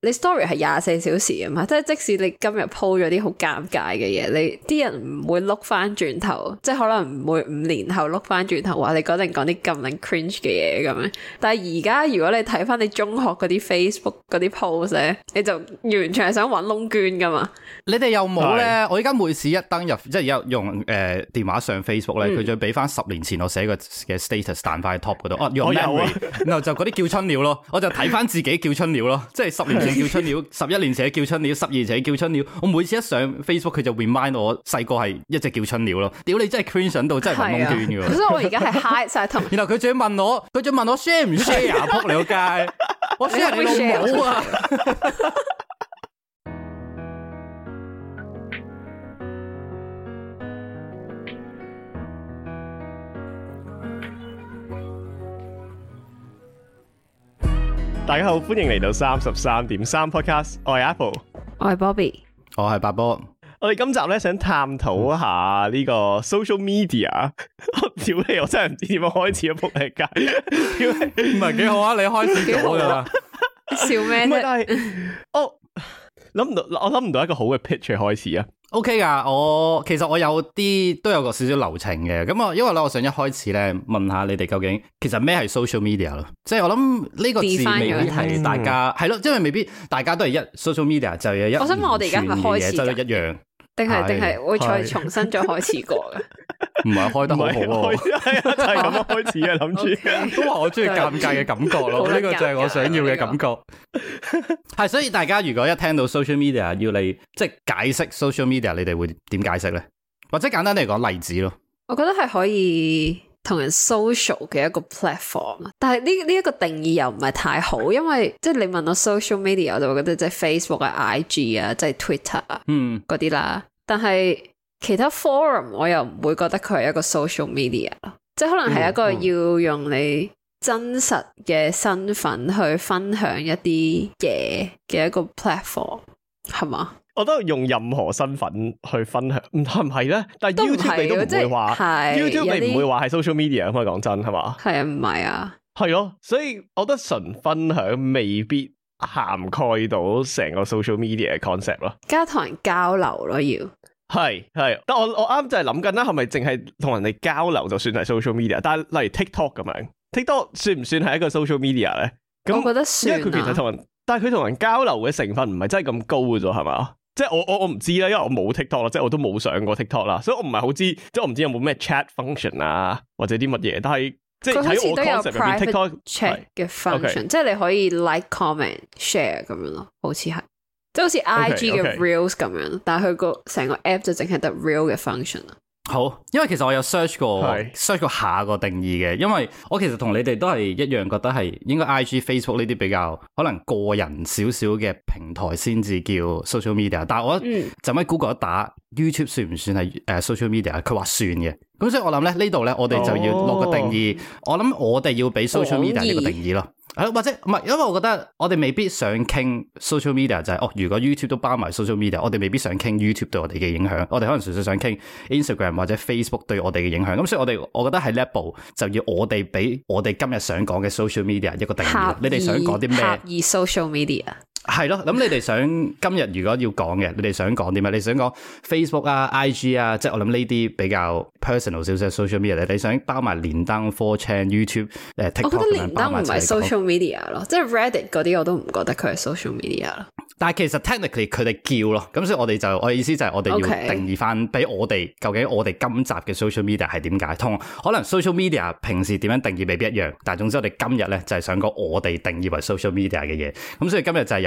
你 story 係廿四小時啊嘛，即係即使你今日 po 咗啲好尷尬嘅嘢，你啲人唔會 look 翻轉頭，即係可能唔會五年後 look 翻轉頭話你嗰陣講啲咁令 cringe 嘅嘢咁樣。但係而家如果你睇翻你中學嗰啲 Facebook 嗰啲 pose 咧，你就完全係想搵窿捐噶嘛。你哋又冇咧？的我而家每次一登入，即係有用誒、呃、電話上 Facebook 咧，佢就俾翻十年前我寫嘅嘅 status 彈翻喺 top 度。嗯啊、memory，哦，有啊。 然後就嗰啲叫春鳥咯，我就睇翻自己叫春鳥咯，即係十年前。叫春鳥，十一年前叫春鳥，十二年前叫春鳥。我每次一上 Facebook，佢就 remind 我細個係一隻叫春鳥咯。屌你真係 crazy 到真係迷蒙住。所以我而家係 hide 晒同。然後佢仲要問我，佢仲要問我 share 唔 share 扑你個街，我 share 你 logo 啊。大家好，歡迎嚟到三十三點三 podcast。我係 Apple 我係 Bobby，我係八波。我哋今集咧想探討一下呢個 social media。屌 你，我真係唔知點樣開始啊撲 你街！唔係幾好啊，你開始幾好噶？笑咩啫？ 唔係，但係我諗唔到，我諗唔到一個好嘅 pitch 開始啊。OK 噶，我其實我有啲都有個少少流程嘅，咁啊，因為咧，我想一開始咧問,問下你哋究竟，其實咩係 social media 咯？即係我諗呢個字未必大家係咯，即係、嗯、未必大家都係一 social media 就係一，一我想問我哋而家咪開始嘅，就係一樣。嗯定係定係會再重新再開始過嘅，唔係 開得好好。係啊，就係咁樣開始嘅。諗住都話我中意尷尬嘅感覺咯，呢對個就係我想要嘅感覺。係， 所以大家如果一聽到 social media 要你即係解釋 social media，你哋會點解釋咧？或者簡單啲嚟講例子咯。我覺得係可以。同人 social 嘅一個 platform，但係呢呢一個定義又唔係太好，因為即係你問我 social media，我就會覺得即係 Facebook 嘅 IG 啊、即係 Twitter 啊，嗯，嗰啲啦。但係其他 forum 我又唔會覺得佢係一個 social media，即係可能係一個要用你真實嘅身份去分享一啲嘢嘅一個 platform。係嘛？我都用任何身份去分享，唔係咧。但係唔係 YouTube 你都唔會話，YouTube 你唔會話係 social media。可以講真，係嘛？係啊，唔係啊。係咯，所以我覺得純分享未必涵蓋到成個 social media 嘅 concept 咯。加同人交流咯，要係係。但我我啱就係諗緊啦，係咪淨係同人哋交流就算係 social media？但係例如 TikTok 咁樣，TikTok 算唔算係一個 social media 咧？咁我覺得算因為佢其實同人。但係佢同人交流嘅成分唔係真係咁高嘅啫，係嘛？即係我我我唔知啦，因為我冇 TikTok 啦，即係我都冇上過 TikTok 啦，所以我唔係好知，即係我唔知有冇咩 chat function 啊或者啲乜嘢。但係即係睇我當時入邊 TikTok, TikTok chat 嘅 function，okay, 即係你可以 like、comment、share 咁樣咯，好似係即係好似 IG 嘅 Reels 咁樣，okay, okay, 但係佢個成個 app 就淨係得 Reel 嘅 function 好，因為其實我有 search 過，search 過是下個定義嘅，因為我其實同你哋都係一樣覺得係應該 IG Facebook 呢啲比較可能個人少少嘅平台先至叫 social media，但係我一、嗯、就喺 Google 打 YouTube 算唔算係誒 social media？佢話算嘅，咁所以我諗咧呢度咧我哋就要落個定義，哦、我諗我哋要俾 social media 呢個定義咯。係或者唔係，因為我覺得我哋未必想傾 social media 就係、是、哦。如果 YouTube 都包埋 social media，我哋未必想傾 YouTube 對我哋嘅影響。我哋可能純粹想傾 Instagram 或者 Facebook 對我哋嘅影響。咁所以我哋，我覺得喺 level 就要我哋俾我哋今日想講嘅 social media 一個定義。意你哋想講啲咩？客 social media。係咯，咁你哋想今日如果要講嘅，你哋想講點啊？你想講 Facebook 啊、IG 啊，即係我諗呢啲比較 personal 少少 social media 咧。你想包埋連登、4chan、YouTube 誒，我覺得連登唔係 social media 咯，即係 Reddit 嗰啲我都唔覺得佢係 social media 咯。但係其實 technically 佢哋叫咯，咁所以我哋就我意思就係我哋要定義翻，俾我哋究竟我哋今集嘅 social media 係點解通？同可能 social media 平時點樣定義未必一樣，但係總之我哋今日咧就係想講我哋定義為 social media 嘅嘢。咁所以今日就係。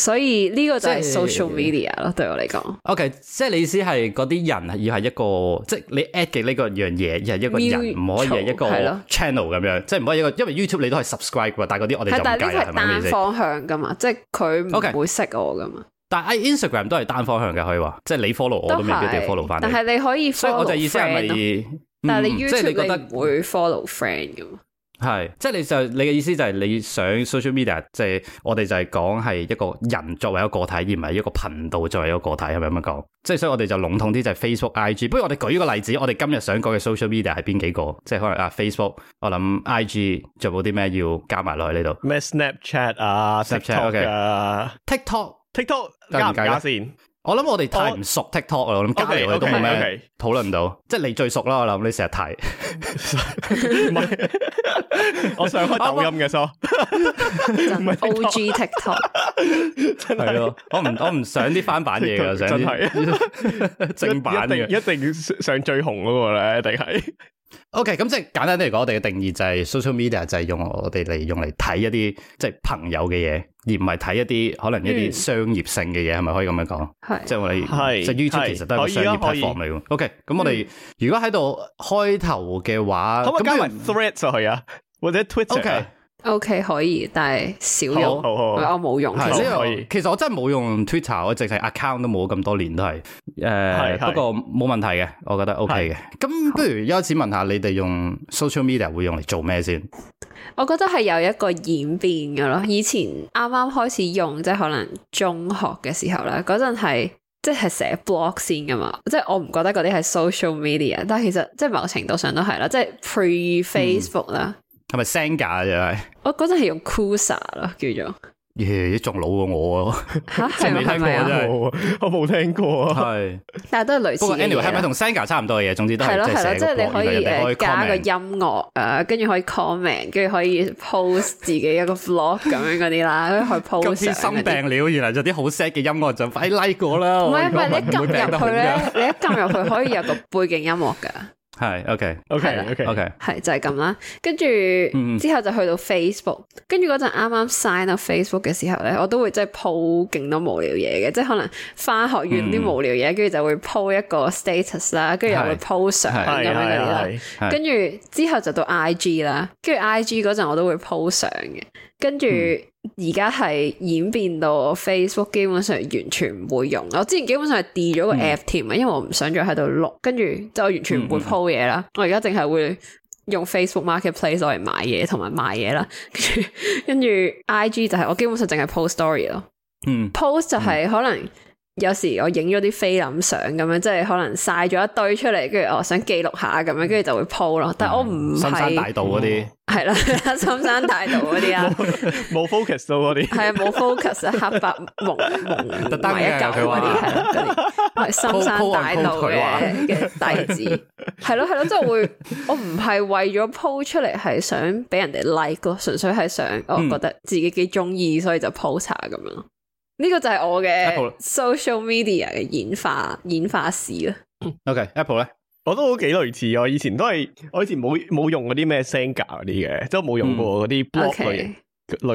所以呢個就係 social media 咯，即對我嚟講。O、okay, K，即係你意思係嗰啲人要係一個，即係你 add 嘅呢個樣嘢，要係一個人，唔可以係一個 channel 咁樣，的即係唔可以一個，因為 YouTube 你都可以 subscribe，但係嗰啲我哋點解？係但係都係單方向噶嘛，即係佢唔會識我噶嘛。Okay, 但係 Instagram 都係單方向嘅，可以話，即係你 follow 我,是我都未必會 follow 返。但係你可以 follow friend、嗯。但係你 YouTube、嗯、會 follow friend 嘅？係，即係你就你嘅意思就係你想 social media，即係我哋就係講係一個人作為一個個體，而唔係一個頻道作為一個個體，係咪咁樣講？即係所以我哋就籠統啲就係 Facebook、IG。不如我哋舉一個例子，我哋今日想講嘅 social media 係邊幾個？即係可能啊，Facebook，我諗 IG，仲有冇啲咩要加埋落去呢度？咩 Snapchat 啊，Snapchat，OK，TikTok，TikTok，加唔加先？我諗我哋太唔熟 TikTok 啦，咁隔嚟我都冇咩討論唔到，即係你最熟啦，我諗你成日睇。我上開抖音嘅時候，O G TikTok 係咯，我唔我唔上啲翻版嘢嘅，上啲正版嘅，一定要上最紅嗰個咧，定係。O K，咁即係簡單啲嚟講，我哋嘅定義就係 social media 就係用我哋嚟用嚟睇一啲即係朋友嘅嘢，而唔係睇一啲可能一啲商業性嘅嘢，係咪、嗯、可以咁樣講？係是即係我哋即係，YouTube 即係其實都係商業投放嚟嘅。O K，咁我哋、嗯、如果喺度開頭嘅話，咁加埋 Threads 就係啊，或者 Twitter。Okay, O、okay, K 可以，但係少用。好好好，我冇用。其實我真係冇用 Twitter，我淨係 account 都冇，咁多年都係誒。不過冇問題嘅，我覺得 OK 嘅。咁是不如一開始問下你哋用 social media 會用嚟做咩先？好我覺得係有一個演變㗎咯。以前啱啱開始用，即係可能中學嘅時候喇，嗰陣係即係寫 blog 先㗎嘛。即係我唔覺得嗰啲係 social media，但係其實即係某程度上都係啦，即係 pre Facebook 啦。Face 係咪 Senga 又啫？我嗰陣係用 Kusa 咯，叫做耶，仲老過我啊！吓，係咪啊？我冇聽過啊，係，但係都係類似。Anyway，係咪同 Senga 差唔多嘅嘢？總之都係即係。係咯係咯，即係你可以加個音樂啊，跟住可以 comment，跟住可以 post 自己一個 vlog 咁樣嗰啲啦，跟住去 post。心臟病了，原來有啲好 sad 嘅音樂就快 like 過啦。唔係唔係，你撳入去咧，你一撳入去可以有個背景音樂噶。係，OK，OK，OK，OK，係就係、是、咁啦。跟住、嗯、之後就去到 Facebook，跟住嗰陣啱啱 sign 到 Facebook 嘅時候咧，我都會即係 po 勁多無聊嘢嘅，即係可能翻學完啲無聊嘢，跟住、嗯、就會 po 一個 status 啦，跟住、嗯、又會 po 相咁樣嘅。跟住之後就到 IG 啦，跟住 IG 嗰陣我都會 po 相嘅，跟住。嗯而家係演變到我 Facebook 基本上完全唔會用，我之前基本上係 delete 咗個 app 添啊、嗯，因為我唔想再喺度錄，跟住就完全唔會 po 嘢啦。嗯嗯、我而家淨係會用 Facebook Marketplace 嚟買嘢同埋賣嘢啦，跟住跟住 IG 就係我基本上淨係 po story 咯、嗯、，post 就係可能。有時我影咗啲菲林相咁樣，即係可能晒咗一堆出嚟，跟住我想記錄下咁樣，跟住就會 po 咯。但係我唔係深山大道嗰啲，係啦，深山大道嗰啲啊，冇 focus 到嗰啲，係啊， 冇 focus 啊，黑白蒙，特登 蒙一嚿嗰啲，係說深山大道嘅嘅弟子，係咯係咯，即係會，我唔係為咗 po 出嚟，係想俾人哋 like 咯，純粹係想，我覺得自己幾中意，所以就 po 查下咁樣。呢個就係我嘅 social media 嘅演化演化史啦，okay。OK，Apple 咧，我都好幾類似。我以前都係，我以前冇冇用嗰啲咩 s i n g e 嗰啲嘅，即係冇用過嗰啲 blog 類。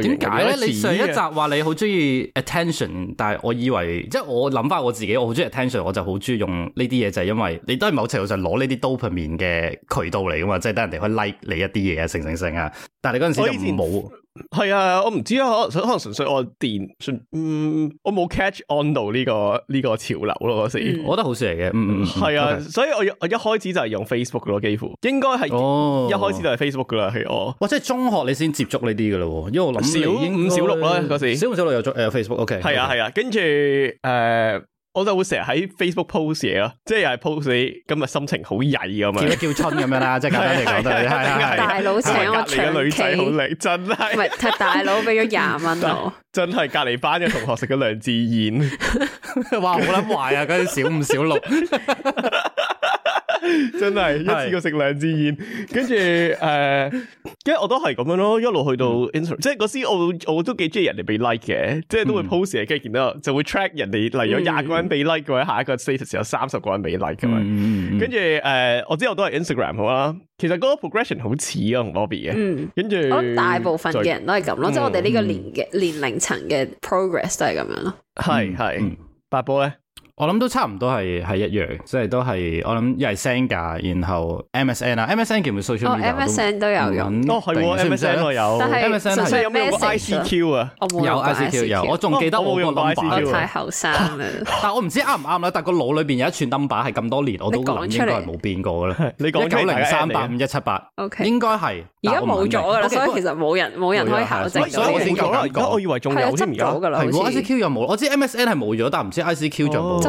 點解咧？呢型你上一集話你好中意 attention，但係我以為即係、就是、我諗翻我自己，我好中意 attention，我就好中意用呢啲嘢，就係、是、因為你都係某程度上攞呢啲 dopamine 嘅渠道嚟㗎嘛，即係等人哋可以 like 你一啲嘢啊，成成成啊。但係你嗰陣時就冇。係啊，我唔知啊，可能可能純粹我電，嗯，我冇 catch on 到呢、這個呢、這個潮流咯嗰時，我覺得好少嘅，嗯嗯，係、嗯、啊，Okay. 所以我我一開始就係用 Facebook 噶咯，幾乎應該係哦，一開始就係 Facebook 噶啦，係我、啊，或者係中學你先接觸呢啲噶咯，因為我諗小五小六啦嗰時，小五小六有誒 Facebook，OK，、okay, 係、okay. 啊係啊，跟住誒。我就會成日喺 Facebook post 嘢、啊、咯，即係又係 post 你、啊、今日心情好曳咁啊，叫春咁樣啦，即係簡單嚟講都係。大佬請我請。嘅女仔好叻，真係。唔係，大佬俾咗廿蚊真係隔籬班嘅同學食咗兩支煙，話好諗壞啊！嗰啲小五小六。 真係是是一次過食兩支煙，跟住誒，跟、uh, 我都係咁樣咯，一路去到 Instagram,、嗯、即係嗰時我我都幾中意人哋俾 like 嘅，即係都會 post 嘢，跟住見到就會 track 人哋，例如廿個人俾 like 或者下一個 status 有三十個人俾 like 咁樣，跟住誒，uh, 我之後都係 Instagram 好啦。其實嗰個 progression 好似啊，同 Bobby 嘅，跟住、嗯、著大部分嘅人都係咁咯，就嗯、即係我哋呢個年嘅年齡層嘅 progress 都係咁樣咯。係係、嗯，八波咧。我諗都差唔多係係一樣，即係都係我諗一係 send 架，然後 MSN 啊，MSN 叫唔叫 social media？哦，MSN 都有用，都係喎，MSN 我有，MSN 係有咩 I C Q 啊，有 I C Q 有，我仲記得我用 number 太後生，但我唔知啱唔啱啦，但個腦裏邊有一串 number 係咁多年我都諗應該係冇變過噶啦，你講九零三八五一七八，OK，應該係，而家冇咗啦，所以其實冇人冇人可以考證，所以我先講啦，我以為仲有而家執咗噶啦，I C Q 又冇，我知 MSN 係冇咗，但唔知 I C Q 就冇。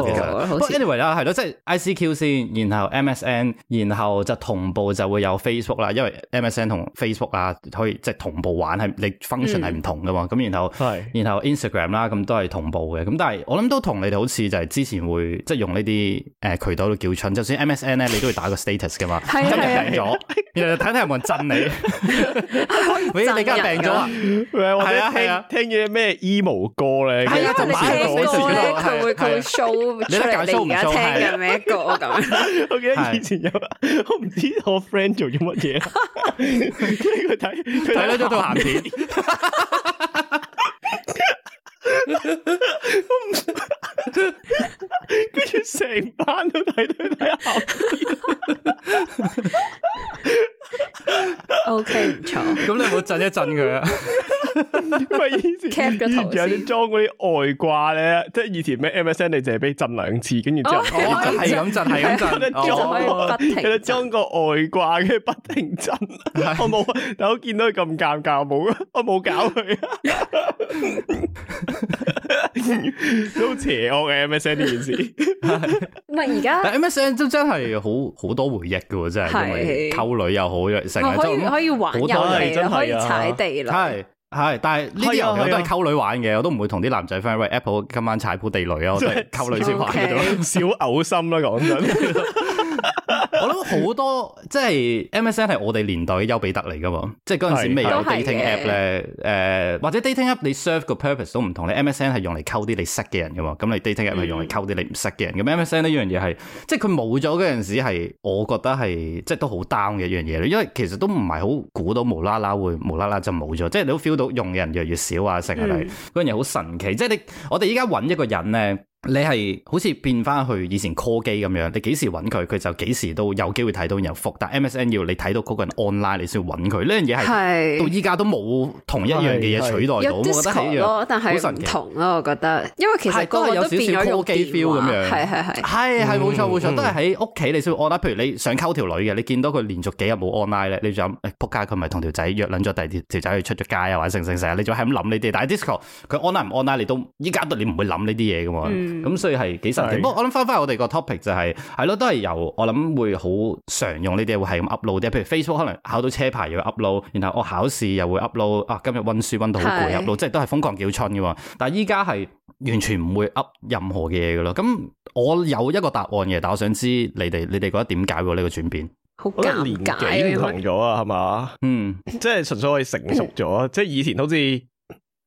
anyway 啦，係咯，即係 ICQ 先，然後 MSN，然後就同步就會有 Facebook 啦，因為 MSN 同 Facebook 啊，可以即係同步玩，係你 function 係唔同噶嘛，咁然後然後 Instagram 啦，咁都係同步嘅，咁但係我諗都同你哋好似就係之前會即係用呢啲誒渠道度叫春，就算 MSN 咧，你都會打個 status 噶嘛，今日病咗，然後睇睇有冇人震你，你而家病咗，係啊係啊，聽住咩 emo 歌咧，係啊，同埋有時咧，佢會佢會 show。你哋而家聽緊咩歌啊？咁，我記得以前有，我唔知我 friend 做咗乜嘢，跟住佢睇佢睇到咗套鹹片，跟住成班都睇到睇鹹片。O K 唔錯，咁你有冇震一震佢啊？喂，以前有啲裝嗰啲外掛咧，即係以前咩 M S N 你淨係俾震兩次，跟住之後係咁震，係咁震，有啲裝，有啲裝個外掛嘅，跟住不停震。我冇，但我見到佢咁尷尬，我冇，我冇搞佢。都 邪惡嘅 M S, N 電視，唔係而家。M S N 都真係好好多回憶嘅，真係。係。溝女又好，成日都可以多可以玩可以踩地雷，係係。但係呢啲遊戲都係溝女玩嘅，我都唔會同啲男仔 friend 喂 Apple 今晚踩舖地雷啊！我 Okay. 真係溝女先玩，少嘔心啦講真。 我諗好多，即係 MSN 係我哋年代嘅丘比特嚟噶嘛，即係嗰陣時未有 dating app 咧，誒的、呃、或者 dating app 你 serve 個 purpose 都唔同，你 MSN 係用嚟溝啲你識嘅人噶嘛，咁你 dating app 係用嚟溝啲你唔識嘅人。咁 MSN 呢樣嘢係，即係佢冇咗嗰陣時係，我覺得係即係都好 down 嘅一樣嘢，因為其實都唔係好估到無啦啦會無啦啦就冇咗，即係你都 feel 到用嘅人越嚟越少啊，成日係嗰樣嘢好神奇，即係你我哋依家揾一個人咧。你係好似變翻去以前 call 機咁樣，你幾時搵佢，佢就幾時都有機會睇到有覆。但 MSN 要你睇到嗰個人 online，你先搵佢，呢樣嘢係到依家都冇同一樣嘅嘢取代到。我覺得係咯，但係唔同咯，我覺得。因為其實都係有少少 call 機 feel 咁樣。係係係係冇錯冇錯，都係喺屋企你先會 online。譬如你想溝條女嘅，你見到佢連續幾日冇 online 咧，你就諗扑街，佢咪同條仔約兩咗第二條仔去出咗街啊，或者成成成，你就係咁諗你啲。但係 disco 佢 online 唔 online，你都，依家都你唔會諗呢啲嘢噶嘛。咁、嗯、所以係幾實際，不過的我諗翻翻我哋個 topic 就係、是，係咯，都係由我諗會好常用呢啲，會係咁 upload 啲，譬如 Facebook 可能考到車牌又會 upload，然後我考試又會 upload，啊今日溫書溫到好攰 upload，即係都係瘋狂叫春嘅喎。但係依家係完全唔會 upload 任何嘅嘢嘅咯。咁我有一個答案嘅，但我想知你哋你哋覺得點解呢個轉變？好年紀唔同咗啊，係嘛？嗯，即係 純粹可以成熟咗， 即係以前好似。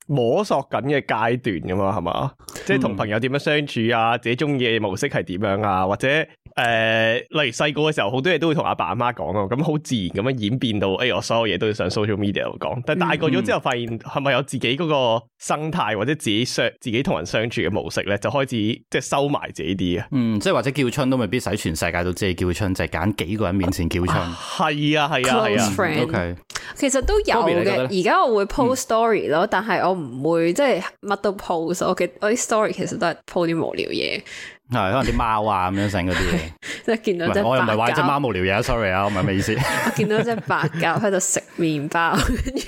摸索緊嘅階段噶嘛，係嘛？即係同朋友點樣相處啊？嗯、自己中意嘅模式係點樣啊？或者誒、呃，例如細個嘅時候，好多嘢都會同阿爸阿媽講啊。咁好自然咁樣演變到，哎，我所有嘢都要上 social media 度講。但係大個咗之後，發現係咪有自己嗰個生態，或者自己相自己同人相處嘅模式咧，就開始即係收埋自己啲啊？嗯，即係或者叫春都未必使全世界都知，叫春就係、是、揀幾個人面前叫春。係啊係啊係啊。啊啊啊啊、okay okay. 其實都有嘅，而家我會 post story 咯、嗯，但係我唔會即係乜都 post 咯。我我啲 story 其實都係 post 啲無聊嘢。係，可能啲貓啊咁樣醒嗰啲，即係見到。我又唔係話隻貓無聊嘢，sorry 啊，我唔係咩意思。我見到隻白狗喺度食麵包，跟住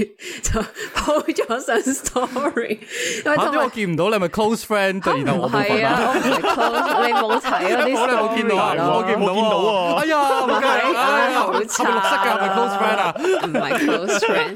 就 po 咗上 story。因為我見唔到你？係咪 close friend 對頭？我唔係啊，你冇睇嗰啲 story 啊？咁你冇見到啊？我見唔見到啊？哎呀，唔該，哎呀，好差。黑色噶係咪 close friend 啊？唔係 close friend。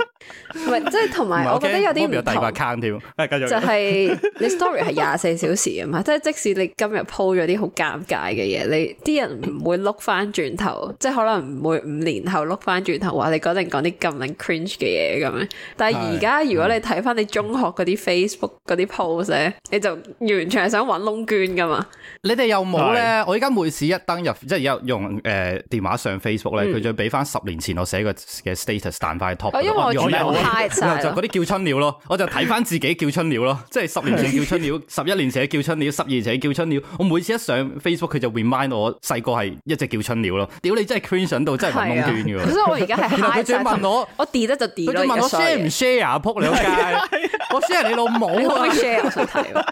唔係，即係同埋，我覺得有啲唔同，就係你 story 係廿四小時啊嘛！即係即使你今日 po 咗啲好尷尬嘅嘢，你啲人唔會 look 翻轉頭，即係可能唔會五年後 look 翻轉頭話你嗰陣講啲咁撚 cringe 嘅嘢咁樣。但係而家如果你睇翻你中學嗰啲 Facebook 嗰啲 pose，你就完全係想揾窿鑽噶嘛？你哋又冇咧？我而家每次一登入，即係有用誒電話上 Facebook 咧，佢就俾翻十年前我寫嘅嘅 status 彈塊 top。因為我就嗰啲叫春鳥咯，我就睇翻自己叫春鳥咯，即係十年前叫春鳥，十一年前叫春鳥，十二年前叫春鳥。我每次一上 Facebook，佢就 remind 我細個係一隻叫春鳥咯。屌你真係 curation 到真係蒙圈噶。所以，我而家係。然後佢仲問我我 delete 就 delete 佢問我 share 唔 share 啊？仆你個街？我 share 你老母啊！share 我想睇。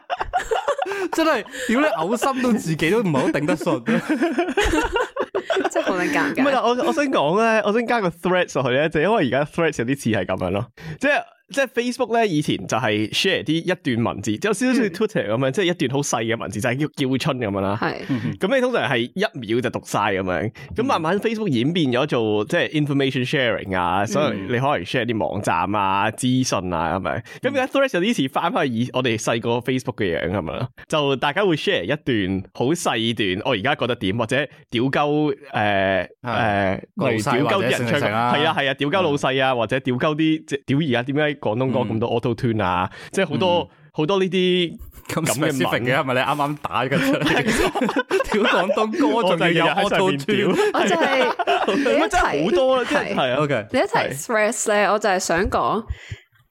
真係，屌你嘔心到自己都唔係好頂得順。即係好尷尬。唔係，我我想講咧，我想加個 Threads 上去咧，就因為而家 Threads 有啲似係咁樣咯。即係。即係 Facebook 咧，以前就係 share 啲一段文字，即有少少 Twitter 咁樣，嗯、即係一段好細嘅文字，就係、是、叫叫春咁樣啦。係，咁、嗯、你通常係一秒就讀晒咁樣。咁慢慢 Facebook 演變咗做即係 information sharing 啊，所以你可能 share 啲網站啊、資訊啊咁、嗯、樣。咁而家 Threads 有啲似翻翻去以我哋細個 Facebook 嘅樣，係咪？就大家會 share 一段好細段，我而家覺得點或者屌鳩誒誒屌鳩啲人出，嚟。係啊係啊，屌鳩、啊啊、老細啊或者屌鳩啲即屌兒啊，點解？廣東歌咁多 auto tune 啊，une，嗯、即係好多好、嗯、多呢啲咁嘅文嘅係咪你啱啱打嘅？跳廣東歌仲要有 auto tune，我就係、我就係、你一齊好多啦，okay，你一齊 stress 咧，我就係想講。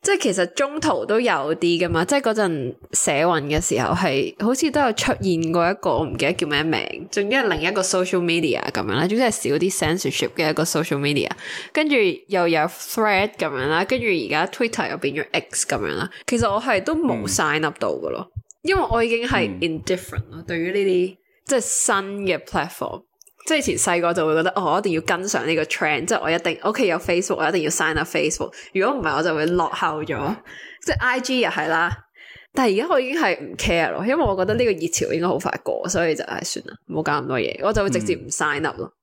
即係其實中途都有啲噶嘛，即係嗰陣社運嘅時候係，好似都有出現過一個我唔記得叫咩名，總之係另一個 social media 咁樣啦，總之係少啲 censorship 嘅一個 social media，跟住又有 thread 咁樣啦，跟住而家 Twitter 又變咗 X 咁樣啦，其實我係都冇 sign up 到噶咯，mm. 因為我已經係 indifferent 咯，mm. 對於呢啲即係新嘅 platform。即係以前細個就會覺得，哦，我一定要跟上呢個 trend，即係我一定屋企有 Facebook，我一定要 sign up Facebook。如果唔係，我就會落後咗。嗯、即係 IG 又係啦，但係而家我已經係唔 care 咯，因為我覺得呢個熱潮應該好快過，所以就唉算啦，冇搞咁多嘢，我就會直接唔 sign up 咯。嗯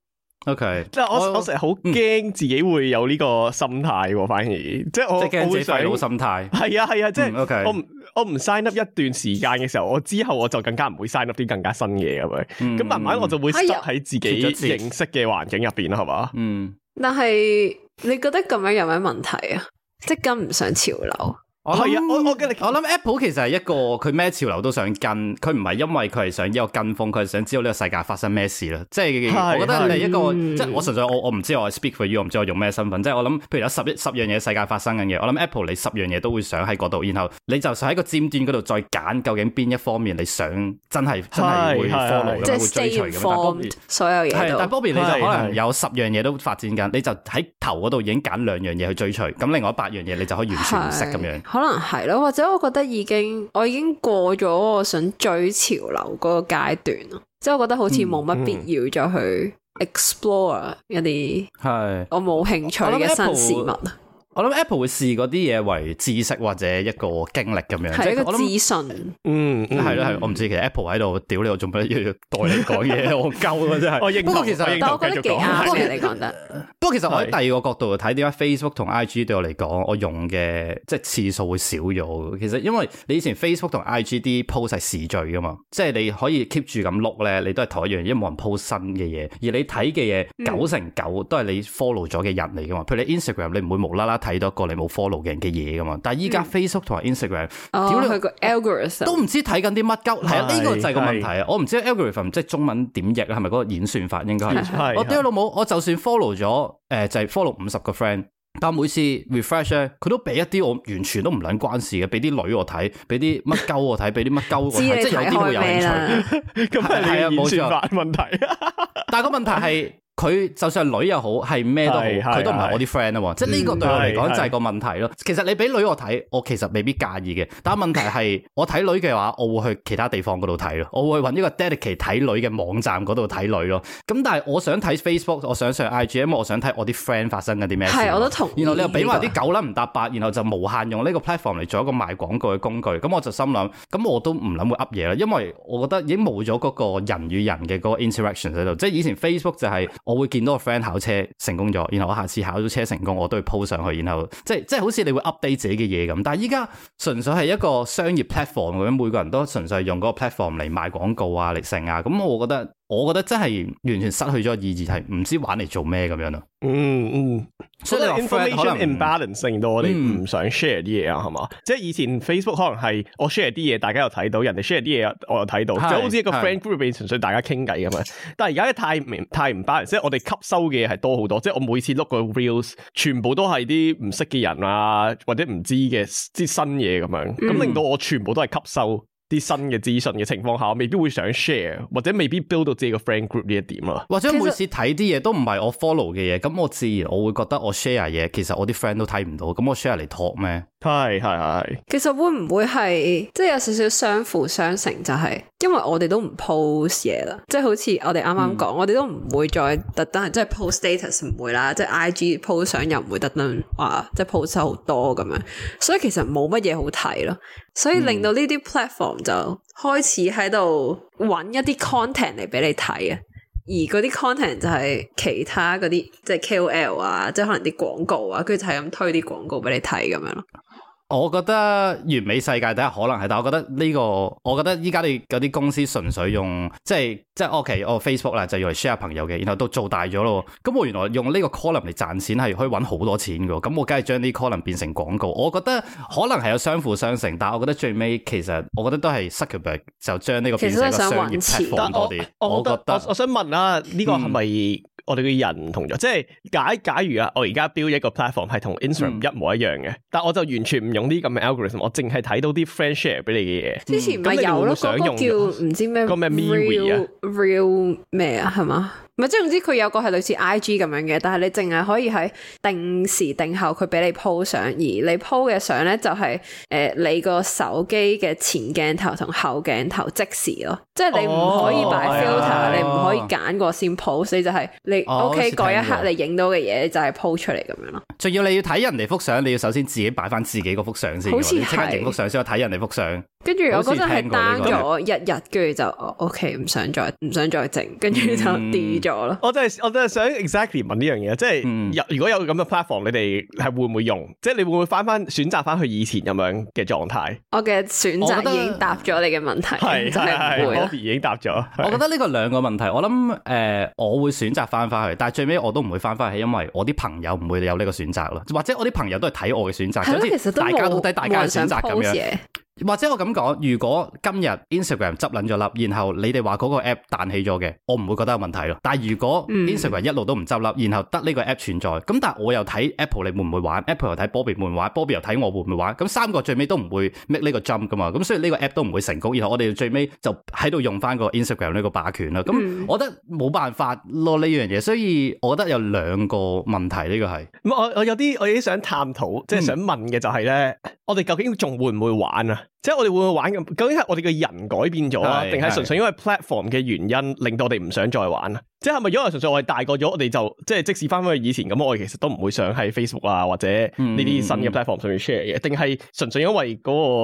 O K，即係我我成日好驚自己會有呢個心態喎、啊，反而即係我即係驚自己閉腦心態。係啊係啊，即係、啊啊嗯 okay, 我唔我唔 sign up 一段時間嘅時候，我之後我就更加唔會 sign up 啲更加新嘢咁樣。咁、嗯、慢慢我就會塞喺自己認識嘅環境入邊啦，係嘛？嗯。吧但係你覺得咁樣有咩問題啊？即係跟唔上潮流。Um, 我係啊，我我我諗 Apple 其實係一個佢咩潮流都想跟，佢唔係因為佢係想一個跟風，佢係想知道呢個世界發生咩事咯。即係我覺得你一個，是是嗯、即係我實在我我唔知我 Speak For You，我唔知我用咩身份。即係我諗，譬如有十十樣嘢世界發生緊嘅，我諗 Apple 你十樣嘢都會想喺嗰度，然後你就想喺個尖端嗰度再揀究竟邊一方面你想真係真係會 follow 咁樣，即係追隨咁但係 Bobby 所有嘢，但 Bobby 你就可能有十樣嘢都發展緊，是是是你就喺頭嗰度已經揀兩樣嘢去追隨，咁另外八樣嘢你就可以完全唔識咁樣。可能係咯，或者我覺得已經，我已經過咗我想追潮流嗰個階段咯。即係我覺得好似冇乜必要再去 explore 一啲我冇興趣嘅新事物、嗯嗯。我諗 Apple 會視嗰啲嘢為知識或者一個經歷咁樣，係一個資訊。嗯，係咯係，我唔知。其實 Apple 喺度，屌你，我做乜要代你講嘢？ 我鳩嘅 真係。我應，不過其實我覺得幾啱。不過其實講得，不過其實我喺第二個角度睇，點解 Facebook 同 IG 對我嚟講，我用嘅即係次數會少咗？其實因為你以前 Facebook 同 IG 啲 post 係時序噶嘛，即係你可以 keep 住咁 look 咧，你都係同一樣，因為冇人 post 新嘅嘢，而你睇嘅嘢九成九都係你 follow 咗嘅人嚟噶嘛。譬、嗯、如你 Instagram，你唔會無啦啦。睇到一個你冇 follow 嘅人嘅嘢㗎嘛？但係依家 Facebook 同埋 Instagram，屌你去個 algorithm 都唔知睇緊啲乜鳩。係啊，呢個就係個問題啊！我唔知 algorithm 即係中文點譯啊？係咪嗰個演算法應該係？我屌老母！我就算 follow 咗誒，就係 follow 五十個 friend，但係每次 refresh 咧，佢都俾一啲我完全都唔撚關事嘅，俾啲女我睇，俾啲乜鳩我睇，俾啲乜鳩知啊睇咩咁，係啊，冇辦法，問題但係個問題係。佢就算係女又好，係咩都好，佢是都唔係我啲 friend 啊，是是是即係呢個對我嚟講就係個問題咯。其實你俾女我睇，我其實未必介意嘅。但係問題係，我睇女嘅話，我會去其他地方嗰度睇咯，我會搵一個 dedicate 睇女嘅網站嗰度睇女咯。咁但係我想睇 Facebook，我想上 IG，因為我想睇我啲 friend 發生緊啲咩事。係，我都同。然後你又俾埋啲狗噏唔搭八，然後就無限用呢個 platform 嚟做一個賣廣告嘅工具。咁我就心諗，咁我都唔諗會 up 嘢啦，因為我覺得已經冇咗嗰個人與人嘅嗰個 interaction 喺度，即係以前 Facebook 就係、是。我會見到個 friend 考車成功咗，然後我下次考咗車成功，我都會 po 上去，然後即係即係好似你會 update 自己嘅嘢咁。但係依家純粹係一個商業 platform 咁，每個人都純粹係用嗰個 platform 嚟賣廣告啊，嚟成啊，咁、嗯、我覺得。我覺得真係完全失去咗意義，係唔知玩嚟做咩咁樣咯、嗯。嗯嗯，所以，所以 information imbalance 令到我哋唔想 share 啲嘢啊，係嘛、嗯？即係以前 Facebook 可能係我 share 啲嘢，大家又睇到，人哋 share 啲嘢，我又睇到，是就好似一個 friend group，純粹大家傾偈咁樣。但係而家太唔太唔 balance，即係我哋吸收嘅嘢係多好多，即係我每次 look 個 reels，全部都係啲唔識嘅人啊，或者唔知嘅啲新嘢，咁樣，咁令到我全部都係吸收。嗯啲新嘅資訊嘅情況下，未必會想 share，或者未必 build 到自己個 friend group 呢一點啊。或者每次睇啲嘢都唔係我 follow 嘅嘢，咁我自然我會覺得我 share 嘢，其實我啲 friend 都睇唔到，咁我 share 嚟托咩？係係係，其實會唔會係即係有少少相輔相成、就係？就係因為我哋都唔 post 嘢啦，即係好似我哋啱啱講，嗯、我哋都唔會再特登即係 post status 唔會啦，即係 IG post 相又唔會特登話即係 post 好多咁樣，所以其實冇乜嘢好睇咯。所以令到呢啲 platform 就開始喺度揾一啲 content 嚟俾你睇啊，而嗰啲 content 就係其他嗰啲即係 KOL 啊，即係可能啲廣告啊，跟住就係咁推啲廣告俾你睇咁樣咯。我覺得完美世界第一可能係，但係我覺得呢、這個，我覺得依家你嗰啲公司純粹用，即係即係，OK，我 Facebook 咧就用嚟 share 朋友嘅，然後都做大咗咯。咁我原來用呢個 column 嚟賺錢係可以搵好多錢嘅，咁我梗係將啲 column 變成廣告。我覺得可能係有相輔相成，但係我覺得最尾其實，我覺得都係 Zuckerberg 就將呢個變成個商業多啲。我，我，我覺得我，我想問啊，呢個係咪？我哋嘅人唔同咗，即係假假如啊，我而家 build 一個 platform 係同 Instagram 一模一樣嘅，嗯、但我就完全唔用啲咁嘅 algorithm，我淨係睇到啲 friend share 俾你嘅嘢。之前咪有咯，想用、嗯？嗰個、叫唔知咩咩咩 i 啊，real 咩啊，係嘛、啊？唔係即係，總之佢有個係類似 I.G. 咁樣嘅，但係你淨係可以喺定時定候佢俾你鋪相，而你鋪嘅相咧就係、是、誒、呃、你個手機嘅前鏡頭同後鏡頭即時咯，即係你唔可以擺 filter，哦哎、你唔可以揀過先鋪。所以、哎、呀就係你、哦、O.K. 嗰一刻你影到嘅嘢就係鋪出嚟咁樣咯。仲要你要睇人哋幅相，你要首先自己擺翻自己嗰幅相先，好似係影幅相先去睇人哋幅相。跟住我嗰陣係 down 咗、這個，一日、okay，跟住就 O.K. 唔想再唔想再整，跟住就我真係我真係想 exactly 問呢樣嘢，即係有、嗯、如果有咁嘅 platform，你哋係會唔會用？即係你會唔會翻翻選擇翻去以前咁樣嘅狀態？我嘅選擇都已經答咗你嘅問題，真係 Bobby 已經答咗。我覺得呢個兩個問題，我諗誒、呃，我會選擇翻翻去，但係最尾我都唔會翻翻去，因為我啲朋友唔會有呢個選擇咯，或者我啲朋友都係睇我嘅選擇，其實大家都睇大家嘅選擇咁樣。或者我咁講，如果今日 Instagram 執捻咗笠，然後你哋話嗰個 app 彈起咗嘅，我唔會覺得有問題咯。但係如果 Instagram 一路都唔執笠，然後得呢個 app 存在，咁但係我又睇 Apple 你會唔會玩？Apple 又睇 Bobby 會唔會玩？Bobby 又睇我會唔會玩？咁三個最尾都唔會 make 呢個 jump 噶嘛。咁所以呢個 app 都唔會成功。然後我哋最尾就喺度用翻個 Instagram 呢個霸權啦。咁、嗯、我覺得冇辦法咯呢樣嘢。所以我覺得有兩個問題呢個係。我我有啲我已經想探討，即係想問嘅就係咧。嗯我哋究竟仲會唔會玩啊？即係我哋會唔會玩？究竟係我哋嘅人改變咗啊，定係純粹因為 platform 嘅原因，令到我哋唔想再玩啊？即係係咪因為純粹我哋大個咗，我哋就即係即使翻返去以前咁，我哋其實都唔會上喺 Facebook 啊，或者呢啲新嘅 platform 上面 share 嘅？定係純粹因為嗰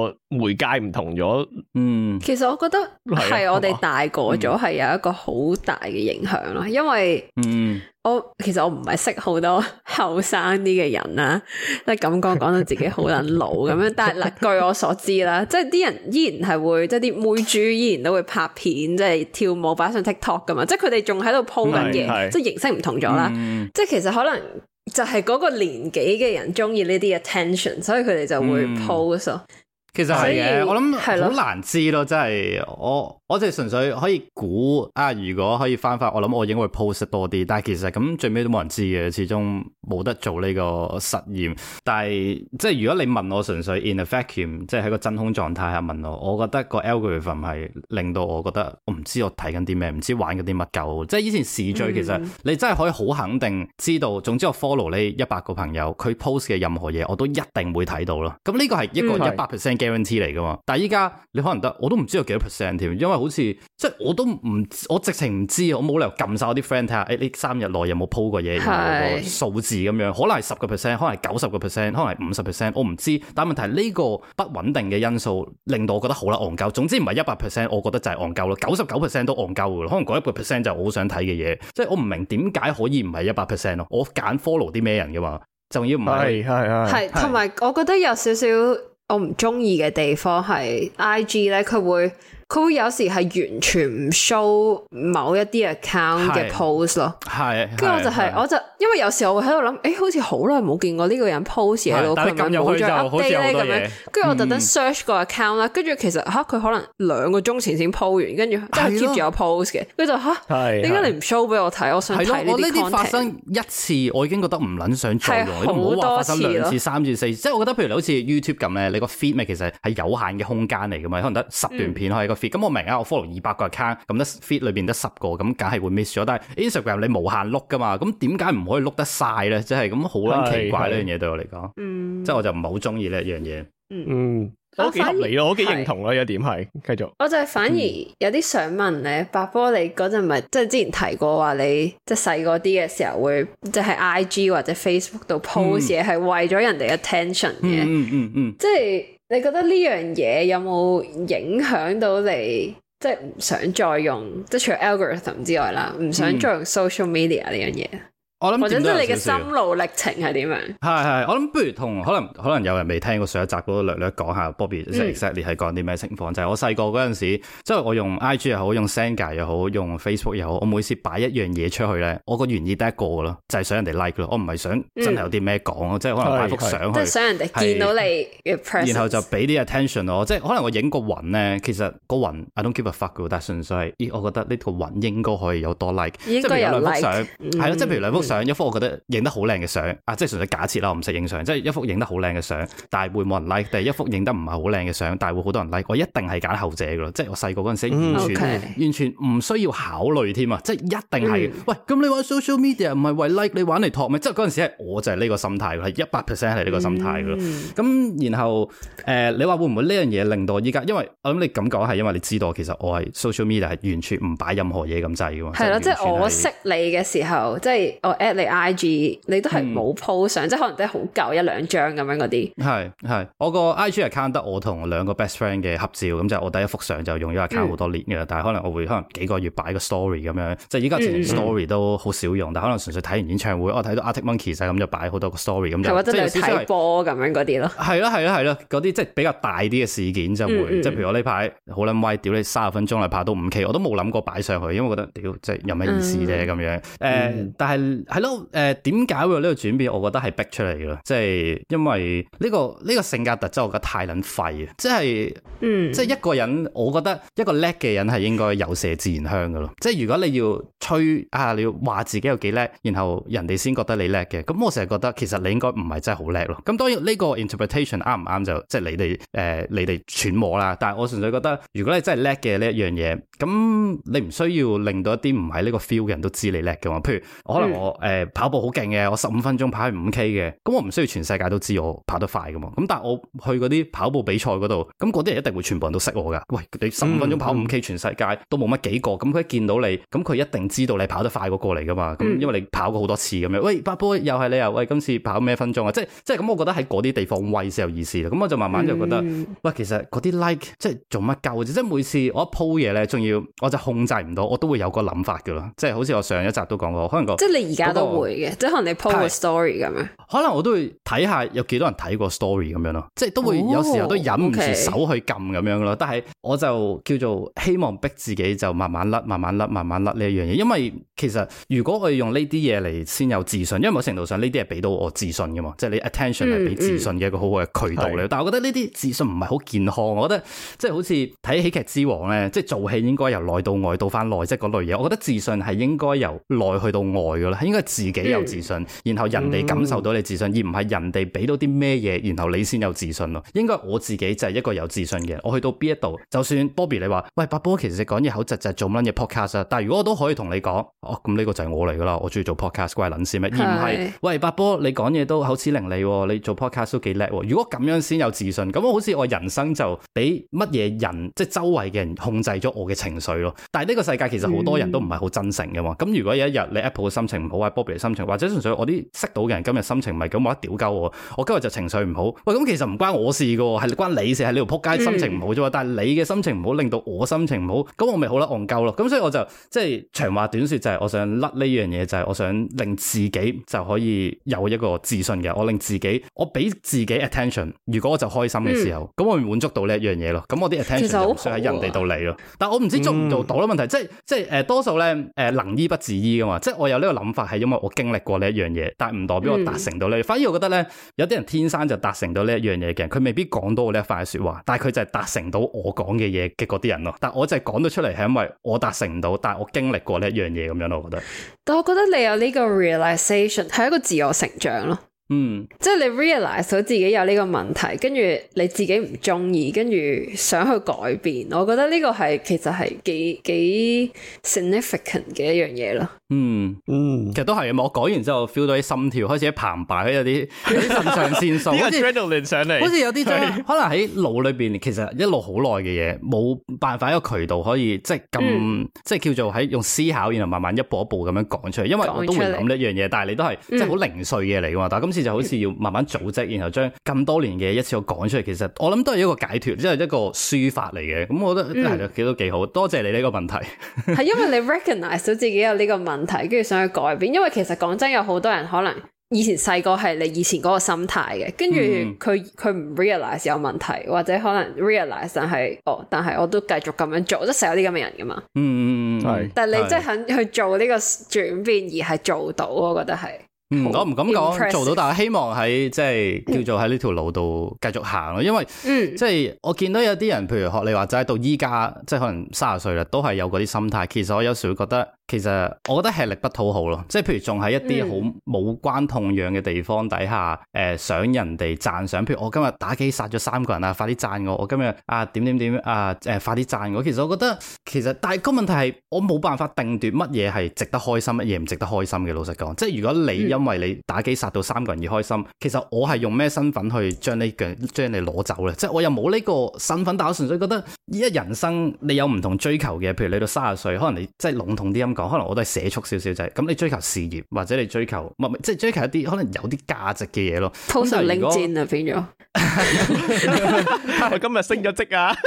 個媒介唔同咗？嗯，其實我覺得係我哋大個咗係有一個好大嘅影響咯，因為嗯。我其實我唔係識好多後生啲嘅人啦，即係咁講，講到自己好捻老咁樣。 但係嗱，據我所知啦，即係啲人依然係會，即係啲妹豬依然都會拍片，即係跳舞擺上 TikTok 噶嘛。即係佢哋仲喺度 po 緊嘢，即係形式唔同咗啦。嗯、即係其實可能就係嗰個年紀嘅人中意呢啲 attention，所以佢哋就會 po 咯。嗯、以其實係嘅，所以 uh, 我諗係好難知咯，即係我。的的 我就純粹可以估啊，如果可以翻翻，我諗我應該會 post 多啲。但係其實咁最尾都冇人知嘅，始終冇得做呢個實驗。但係即係如果你問我，純粹 in a vacuum，即係喺個真空狀態下問我，我覺得個 algorithm 係令到我覺得我唔知我睇緊啲咩，唔知玩緊啲乜鳩。即係以前時序、嗯、其實你真係可以好肯定知道，總之我 follow 呢一百個朋友，佢 post 嘅任何嘢我都一定會睇到咯。咁呢個係一個一百 percent guarantee 嚟噶嘛？嗯、但係依家你可能得我都唔知有幾多 percent 添，因為。好似即係我都唔我直情唔知啊！我冇理由撳晒我啲 friend 睇下，哎呢三日內有冇 po 過嘢，是個數字咁樣，可能係十個 percent，可能係九十個 percent，可能係五十 percent，我唔知。但問題係呢個不穩定嘅因素令到我覺得好啦，戇鳩。總之唔係一百 percent，我覺得就係戇鳩咯。九十九 percent 都戇鳩嘅咯，可能嗰一個 percent 就係我好想睇嘅嘢。即係我唔明點解可以唔係一百 percent 咯？我揀 follow 啲咩人嘅嘛，仲要唔係係係。同埋是是我覺得有少少我唔中意嘅地方係 IG 咧，佢會。佢會有時係完全唔 show 某一啲 account 嘅 post 咯，係。跟住我就係，我就因為有時我會喺度諗，誒好似好耐冇見過呢個人 post 喺度，佢有冇再 update 咧咁樣？跟住我特登 search 個 account 啦，跟住其實吓，佢可能兩個鐘前先 post 完，跟住係 keep 住有 post 嘅，跟住就吓，係點解你唔 show 俾我睇？我想睇呢啲 content 我呢啲發生一次，我已經覺得唔撚想再，你唔好話發生兩次、三至四次。即係我覺得，譬如好似 YouTube 咁咧，你個 feed 其實係有限嘅空間嚟㗎嘛，可能得十段片喺個。咁我明啊，我 follow 二百個 account，咁得 fit 裏邊得十個，咁梗係會 miss 咗。但係 Instagram 你無限碌 o 噶嘛，咁點解唔可以碌得晒咧？即係咁好撚奇怪呢樣嘢對我嚟講，即係我就唔係好中意呢一樣嘢。嗯，我幾合理咯，我幾認同咯，一點係，繼續。我就係反而有啲想問咧，白波你嗰陣咪即係之前提過話你即係細個啲嘅時候會即係 IG 或者 Facebook 度 post 嘢係為咗人哋 attention 嘅，嗯嗯嗯，即、嗯、係。嗯你覺得呢樣嘢有冇影響到你？即係唔想再用，即係除咗 algorithm 之外啦，唔想再用 social media 呢樣嘢。我到點點或者即係你嘅心路歷程係點樣？係係，我諗不如同可能可能有人未聽過上一集嗰度略略講下，Bobby actually 係講啲咩情況？嗯、就係我細個嗰陣時，即係我用 IG 又好，用 Snapchat 又好，用 Facebook 又好，我每次擺一樣嘢出去咧，我個原意得一個咯，就係、是、想人哋 like 咯。我唔係想真係有啲咩講，即係、嗯、可能擺幅相即係想人哋見到你。嘅。然後就俾啲 attention 咯，即係可能我影個雲咧，其實個雲 I don't give a fuck 嘅喎，但係純粹係，咦，我覺得呢套雲應該可以有多 like，應該有 like 即係兩幅相，係咯、嗯，即係譬如兩幅。嗯嗯一幅我覺得影得好靚嘅相啊，即係純粹假設啦，我唔識影相，即係一幅影得好靚嘅相，但係會冇人 like，定係一幅影得唔係好靚嘅相，但係會好多人 like。我一定係揀後者嘅咯，即係我細個嗰陣時完全、嗯、完全唔、嗯 okay, 需要考慮添啊，即係一定係。嗯、喂，咁你玩 social media 唔係為 like 你玩嚟託咪？即係嗰陣時係我就係呢個心態，係一百 percent 係呢個心態嘅咯。咁、嗯、然後誒、呃，你話會唔會呢樣嘢令到依家？因為我諗你咁講係因為你知道其實我係 social media 係完全唔擺任何嘢咁滯嘅嘛。係咯了，即係是我識你嘅時候，即、就、係、是誒你 IG 你都係冇 po 相，嗯、即係可能都係好舊一兩張咁樣嗰啲。係係，我個 IG 係 c a 得我同兩個 best friend 嘅合照，咁就我第一幅相就用咗 account 好多年嘅，但係可能我會可能幾個月擺個 story 咁樣，即係依家連 story 都好少用，但可能純粹睇完演唱會，我睇到 Arctic Monkeys 咁就擺好多個 story 咁，他即係睇波咁樣嗰啲咯。係咯係咯係咯，嗰啲即係比較大啲嘅事件就、嗯、會，即係譬如我呢排好撚歪屌你三十分鐘嚟拍到五 K，我都冇諗過擺上去，因為我覺得屌即係有咩意思啫咁樣。誒、呃，但係。係咯，誒點解會有呢個轉變？我覺得係逼出嚟嘅，即係因為呢個呢個性格特質，我覺得太撚廢啊！即係，嗯，即係一個人，我覺得一個叻嘅人係應該有麝自然香嘅咯。即係如果你要吹啊，你要話自己有幾叻，然後人哋先覺得你叻嘅，咁我成日覺得其實你應該唔係真係好叻咯。咁當然呢個 interpretation 啱唔啱就即係你哋誒、呃、你哋揣摩啦。但係我純粹覺得，如果你真係叻嘅呢一樣嘢，咁你唔需要令到一啲唔係呢個 feel 嘅人都知你叻嘅嘛。譬如可能我。嗯誒、欸、跑步好勁嘅，我十五分鐘跑去五 K 嘅，咁我唔需要全世界都知我跑得快㗎嘛。咁但係我去嗰啲跑步比賽嗰度，咁嗰啲人一定會全部人都識我㗎。喂，你十五分鐘跑五 K，嗯嗯、全世界都冇乜幾個，咁佢一見到你，咁佢一定知道你跑得快嗰個嚟㗎嘛。咁因為你跑過好多次咁樣，嗯、喂 Bobby 又係你啊？喂，今次跑咩分鐘啊？即係即係咁，我覺得喺嗰啲地方威先有意思啦。咁我就慢慢就覺得，嗯、喂，其實嗰啲 like 即係做乜鳩啫？即係每次我一 po 嘢咧，仲要我就控制唔到，我都會有個諗法㗎咯。即係好似我上一集都講過，可能即係你而家。都會嘅，即係可能你 po 個 story 咁是樣，可能我都會睇下有幾多人睇過 story 咁樣咯，即係都會有時候都忍唔住手去撳咁樣咯。Oh, okay. 但係我就叫做希望逼自己就慢慢甩，慢慢甩，慢慢甩呢一樣嘢。因為其實如果我用呢啲嘢嚟先有自信，因為某程度上呢啲係俾到我自信噶嘛，即係你 attention 係俾自信嘅一、嗯、個好嘅渠道嚟。是但係我覺得呢啲自信唔係好健康，我覺得即係好似睇喜劇之王咧，即係做戲應該由內到外到翻內，即係嗰類嘢。我覺得自信係應該由內去到外噶啦。應該自己有自信，然後人哋感受到你自信，嗯、而唔係人哋俾到啲咩嘢，然後你先有自信咯。應該我自己就係一個有自信嘅人，我去到邊一度，就算 Bobby 你話喂，八波其實你講嘢口窒窒，做乜嘢 podcast 啊？但係如果我都可以同你講，哦，咁、這、呢個就係我嚟噶啦，我中意做 podcast，怪撚事咩？而唔係，是喂，八波你講嘢都口齒伶俐，你做 podcast 都幾叻。如果咁樣先有自信，咁好似我人生就俾乜嘢人，即係周圍嘅人控制咗我嘅情緒咯。但係呢個世界其實好多人都唔係好真誠嘅嘛。咁、嗯、如果有一日你 Apple 嘅心情唔好。心情，或者純粹我啲識到嘅人今日心情唔係咁，我一屌鳩我，我今日就情緒唔好。喂，咁其實唔關我事嘅，係關你事，係呢度撲街心情唔好啫喎。但係你嘅心情唔好，令到我心情唔好，咁我咪好啦，戇鳩咯。咁所以我就即係長話短説，就係我想甩呢樣嘢，就係、是、我想令自己就可以有一個自信嘅。我令自己，我俾自己 attention。如果我就開心嘅時候，咁、嗯、我會滿足到呢一樣嘢咯。咁我啲 attention 唔需要喺人哋度嚟咯。啊、但我唔知做唔做到啦。問題、嗯、即係即係誒、呃，多數咧誒，能醫不自醫噶嘛。即係我有呢個諗法。係因為我經歷過呢一樣嘢，但係唔代表我達成到呢。嗯，反而我覺得咧，有啲人天生就達成到呢一樣嘢嘅，佢未必講到我呢一塊嘅說話，但係佢就係達成到我講嘅嘢嘅嗰啲人咯。但我就係講到出嚟，係因為我達成唔到，但係我經歷過呢一樣嘢咁樣咯。我覺得，但我覺得你有呢個 realization，係一個自我成長咯。嗯，即係你 realize 到自己有呢個問題，跟住你自己唔中意，跟住想去改變，我覺得呢個係其實係幾幾 significant 嘅一樣嘢咯。嗯嗯，嗯其實都係啊，我講完之後 feel 到啲心跳開始喺澎湃，有啲有啲腎上腺素，上嚟，好似有啲是可能喺腦裏邊，其實一路好耐嘅嘢，冇辦法一個渠道可以即係咁、嗯、即係叫做喺用思考，然後慢慢一步一步咁樣講出嚟。因為我都會諗呢一樣嘢，但係你都係即係好零碎嘢嚟噶嘛。但係今次，就好似要慢慢組織，然後將咁多年嘅一次我講出嚟。其實我諗都係一個解脫，即係一個抒發嚟嘅。咁我覺得係都幾都幾好。嗯、多謝你呢個，個問題。係因為你 recognize 到自己有呢個問題，跟住想去改變。因為其實講真，有好多人可能以前細個係你以前嗰個心態嘅，跟住佢佢唔 realize 有問題，或者可能 realize 但係哦，但係我都繼續咁樣做，即係有啲咁嘅人噶嘛。嗯嗯嗯嗯，係、嗯。但你即係肯去做呢個轉變，而係做到，我覺得係。嗯、好我唔敢講 Interesting. 做到，但係希望喺即係叫做喺呢條路度繼續行咯。因為即係咩我見到有啲人，譬如學你話齋，到依家即係可能卅歲啦，都係有嗰啲心態。其實我有時會覺得，其實我覺得吃力不討好咯。即係譬如仲喺一啲好冇關痛癢嘅地方底下，誒、um, 呃、想人哋讚賞，譬如我今日打機殺咗三個人啊，快啲讚我！我今日啊，怎樣怎樣怎樣啊、呃、啊點點點啊誒，快啲讚我！其實我覺得其實，但係個問題係我冇辦法定奪乜嘢係值得開心，乜嘢唔值得開心嘅。老實講，即係如果你咩因為你打機殺到三個人而開心，其實我係用咩身份去將呢個將你攞走咧？即係我又冇呢個身份，但係我純粹覺得依家人生，你有唔同追求嘅。譬如你到卅歲，可能你即係籠統啲咁講，可能我都係寫速少少仔。咁你追求事業，或者你追求，唔係即係追求一啲可能有啲價值嘅嘢咯。通常領戰啊，變咗了 我今日升咗職啊！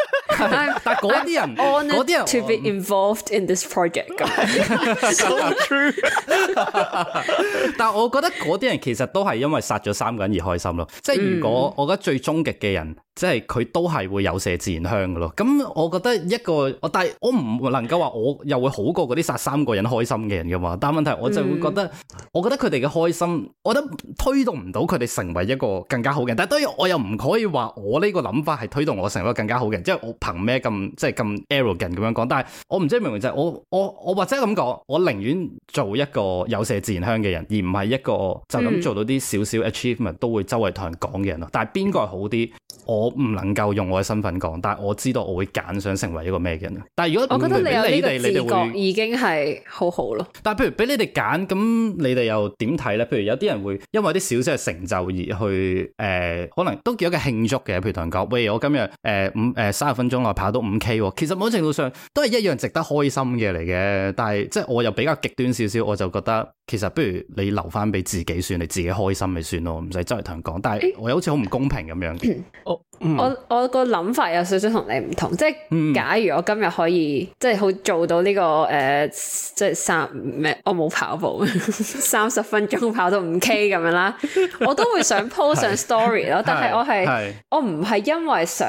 但嗰啲人，嗰啲 'm 人 to be involved in this project 咁 但係我覺得嗰啲人其實都係因為殺咗三個人而開心咯。即係如果我覺得最終極嘅人。即係佢都係會有麝自然香嘅咯，咁我覺得一個，但我但係我唔能夠話我又會好過嗰啲殺三個人開心嘅人噶嘛，但係問題我就會覺得，嗯、我覺得佢哋嘅開心，我覺得推動唔到佢哋成為一個更加好嘅人，但係當然我又唔可以話我呢個諗法係推動我成為一個更加好嘅人，即係我憑咩咁，即係咁 arrogant 咁樣講？但係我唔知明明就係、是、我我我或者咁講，我寧願做一個有麝自然香嘅人，而唔係一個就咁做到啲少少 achievement 都會周圍同人講嘅人咯，嗯、但係邊個係好啲我？我唔能夠用我嘅身份講，但係我知道我會揀想成為一個咩人。但係如果我覺得你有呢個自覺，已經係好好咯。但係譬如俾你哋揀，咁你哋又點睇咧？譬如有啲人會因為啲小小嘅成就而去誒、呃，可能都叫一個慶祝嘅。譬如同人講，喂，我今日誒五誒三十分鐘內跑到五 K，其實某程度上都係一樣值得開心嘅嚟嘅。但係即係我又比較極端少少，我就覺得其實不如你留翻俾自己算，你自己開心咪算咯，唔使周圍同人講。但係我又好似好唔公平咁樣嘅。嗯哦 Mm. 我我個諗法有少少同你唔同，即係假如我今日可以、mm. 即係好做到呢、這個誒，uh, 即係三咩？我冇跑步三十 分鐘跑到五 K 咁樣啦， 我都會想 post 上 story 咯 是。但係我係我唔係因為想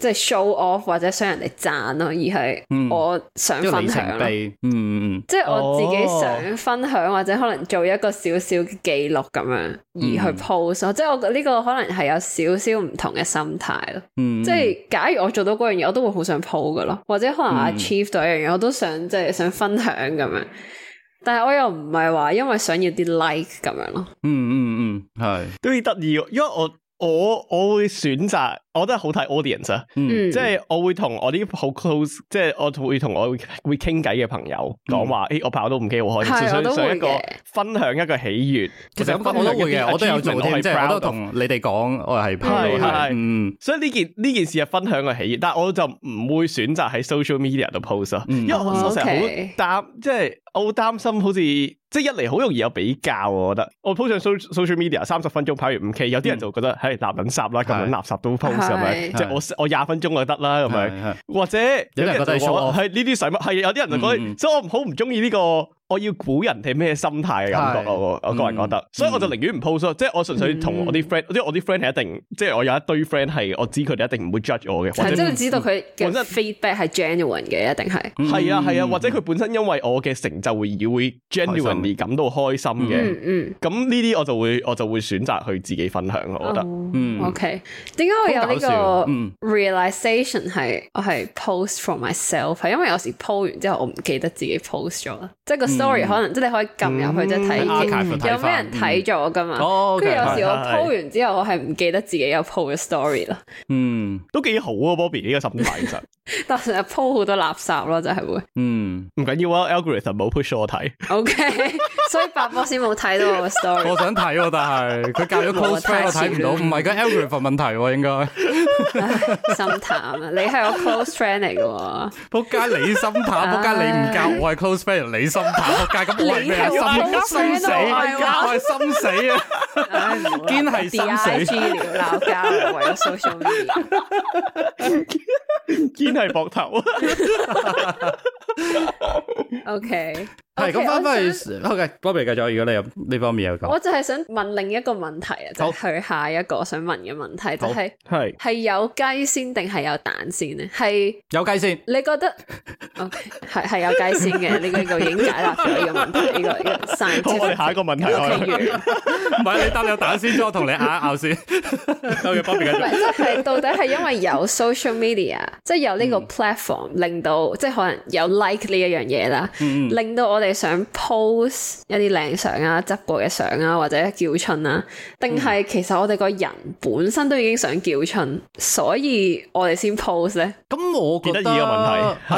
即係 show off 或者想人哋讚咯，而係我想分享咯。嗯嗯嗯，即係我自己想分享、哦、或者可能做一個少少嘅記錄咁樣而去 post 咯。Mm. 即係我呢個可能係有少少唔同嘅心。心態咯，嗯、即係假如我做到嗰樣嘢，我都會好想 po 噶咯，或者可能 achieve 到一樣嘢，嗯、我都想即係想分享咁樣。但係我又唔係話因為想要啲 like 咁樣咯、嗯。嗯嗯嗯，係，都得意，因為我。我我會選擇，我都係好睇 audience 啊，即係我會同我啲好 close，即係我會同我會傾偈嘅朋友講話，誒，我朋友都唔驚，我開心，所以想一個分享一個喜悅。其實分享嘅我都有做到。即係我都同你哋講，我係係係，所以呢件呢件事係分享個喜悅，但係我就唔會選擇喺 social media 度 post 啊，因為我成日好答，即係。我好擔心，好似即係一嚟好容易有比較，我覺得我 post 上 social social media 三十分鐘跑完五 K，有啲人就覺得，嗯、嘿垃圾啦，咁樣垃圾都 post 係咪？即係我我廿分鐘就得啦，咁樣或者有啲人就講，係呢啲使乜？係有啲人，人就講，嗯嗯所以我唔好唔中意呢個。我要估人哋咩心態嘅感覺咯，我個人覺得，所以我就寧願唔 post，即係我純粹同我啲 friend，即係我啲 friend 係一定，即係我有一堆 friend 係我知佢哋一定唔會 judge 我嘅，係即係知道佢本身 feedback 係 genuine 嘅一定係，係啊係啊，或者佢本身因為我嘅成就會會 genuine 而感到開心嘅，咁呢啲我就會我就會選擇去自己分享咯，我覺得，o k 點解我有呢個 realization 係我係 post for myself 係因為有時 post 完之後我唔記得自己 post 咗即係個。story 可能即係你可以撳入去即係睇，有咩人睇咗噶嘛？跟住有時我 po 完之後，我係唔記得自己有 po 個 story 咯。嗯，都幾好啊，Bobby 呢個心態其實，但成日 po 好多垃圾咯，真係會。嗯，唔緊要啊，algorithm 冇 push 我睇。OK，所以白波先冇睇到我嘅 story。我想睇，但係佢教咗 close friend，我睇唔到。唔係跟 algorithm 問題應該。心淡啊，你係我 close friend 嚟嘅。仆街，你心淡，仆街，你唔教我係 close friend，你心淡。學界咁為咩啊？ 心死，鬧心死啊！堅係心死，鬧交為咗 social，堅係膊頭。OK。係咁翻翻去，OK，Bobby 繼續。如果你有呢方面有講，我就係想問另一個問題啊，即係去下一個想問嘅問題，就係係係有雞先定係有蛋先咧？係有雞先？你覺得 OK？係係有雞先嘅呢個呢個已經解答咗呢個問題呢個。我哋下一個問題，唔係你得你有蛋先，我同你拗一拗先。不如 Bobby 繼續。即係到底係因為有 social media，即係有呢個 platform 令到，即係可能有 like 呢一樣嘢啦，令到我。我哋想 post 一啲靚相啊、執過嘅相啊，或者叫春啊，定係其實我哋個人本身都已經想叫春，所以我哋先 post 咧。咁我覺得，呢個問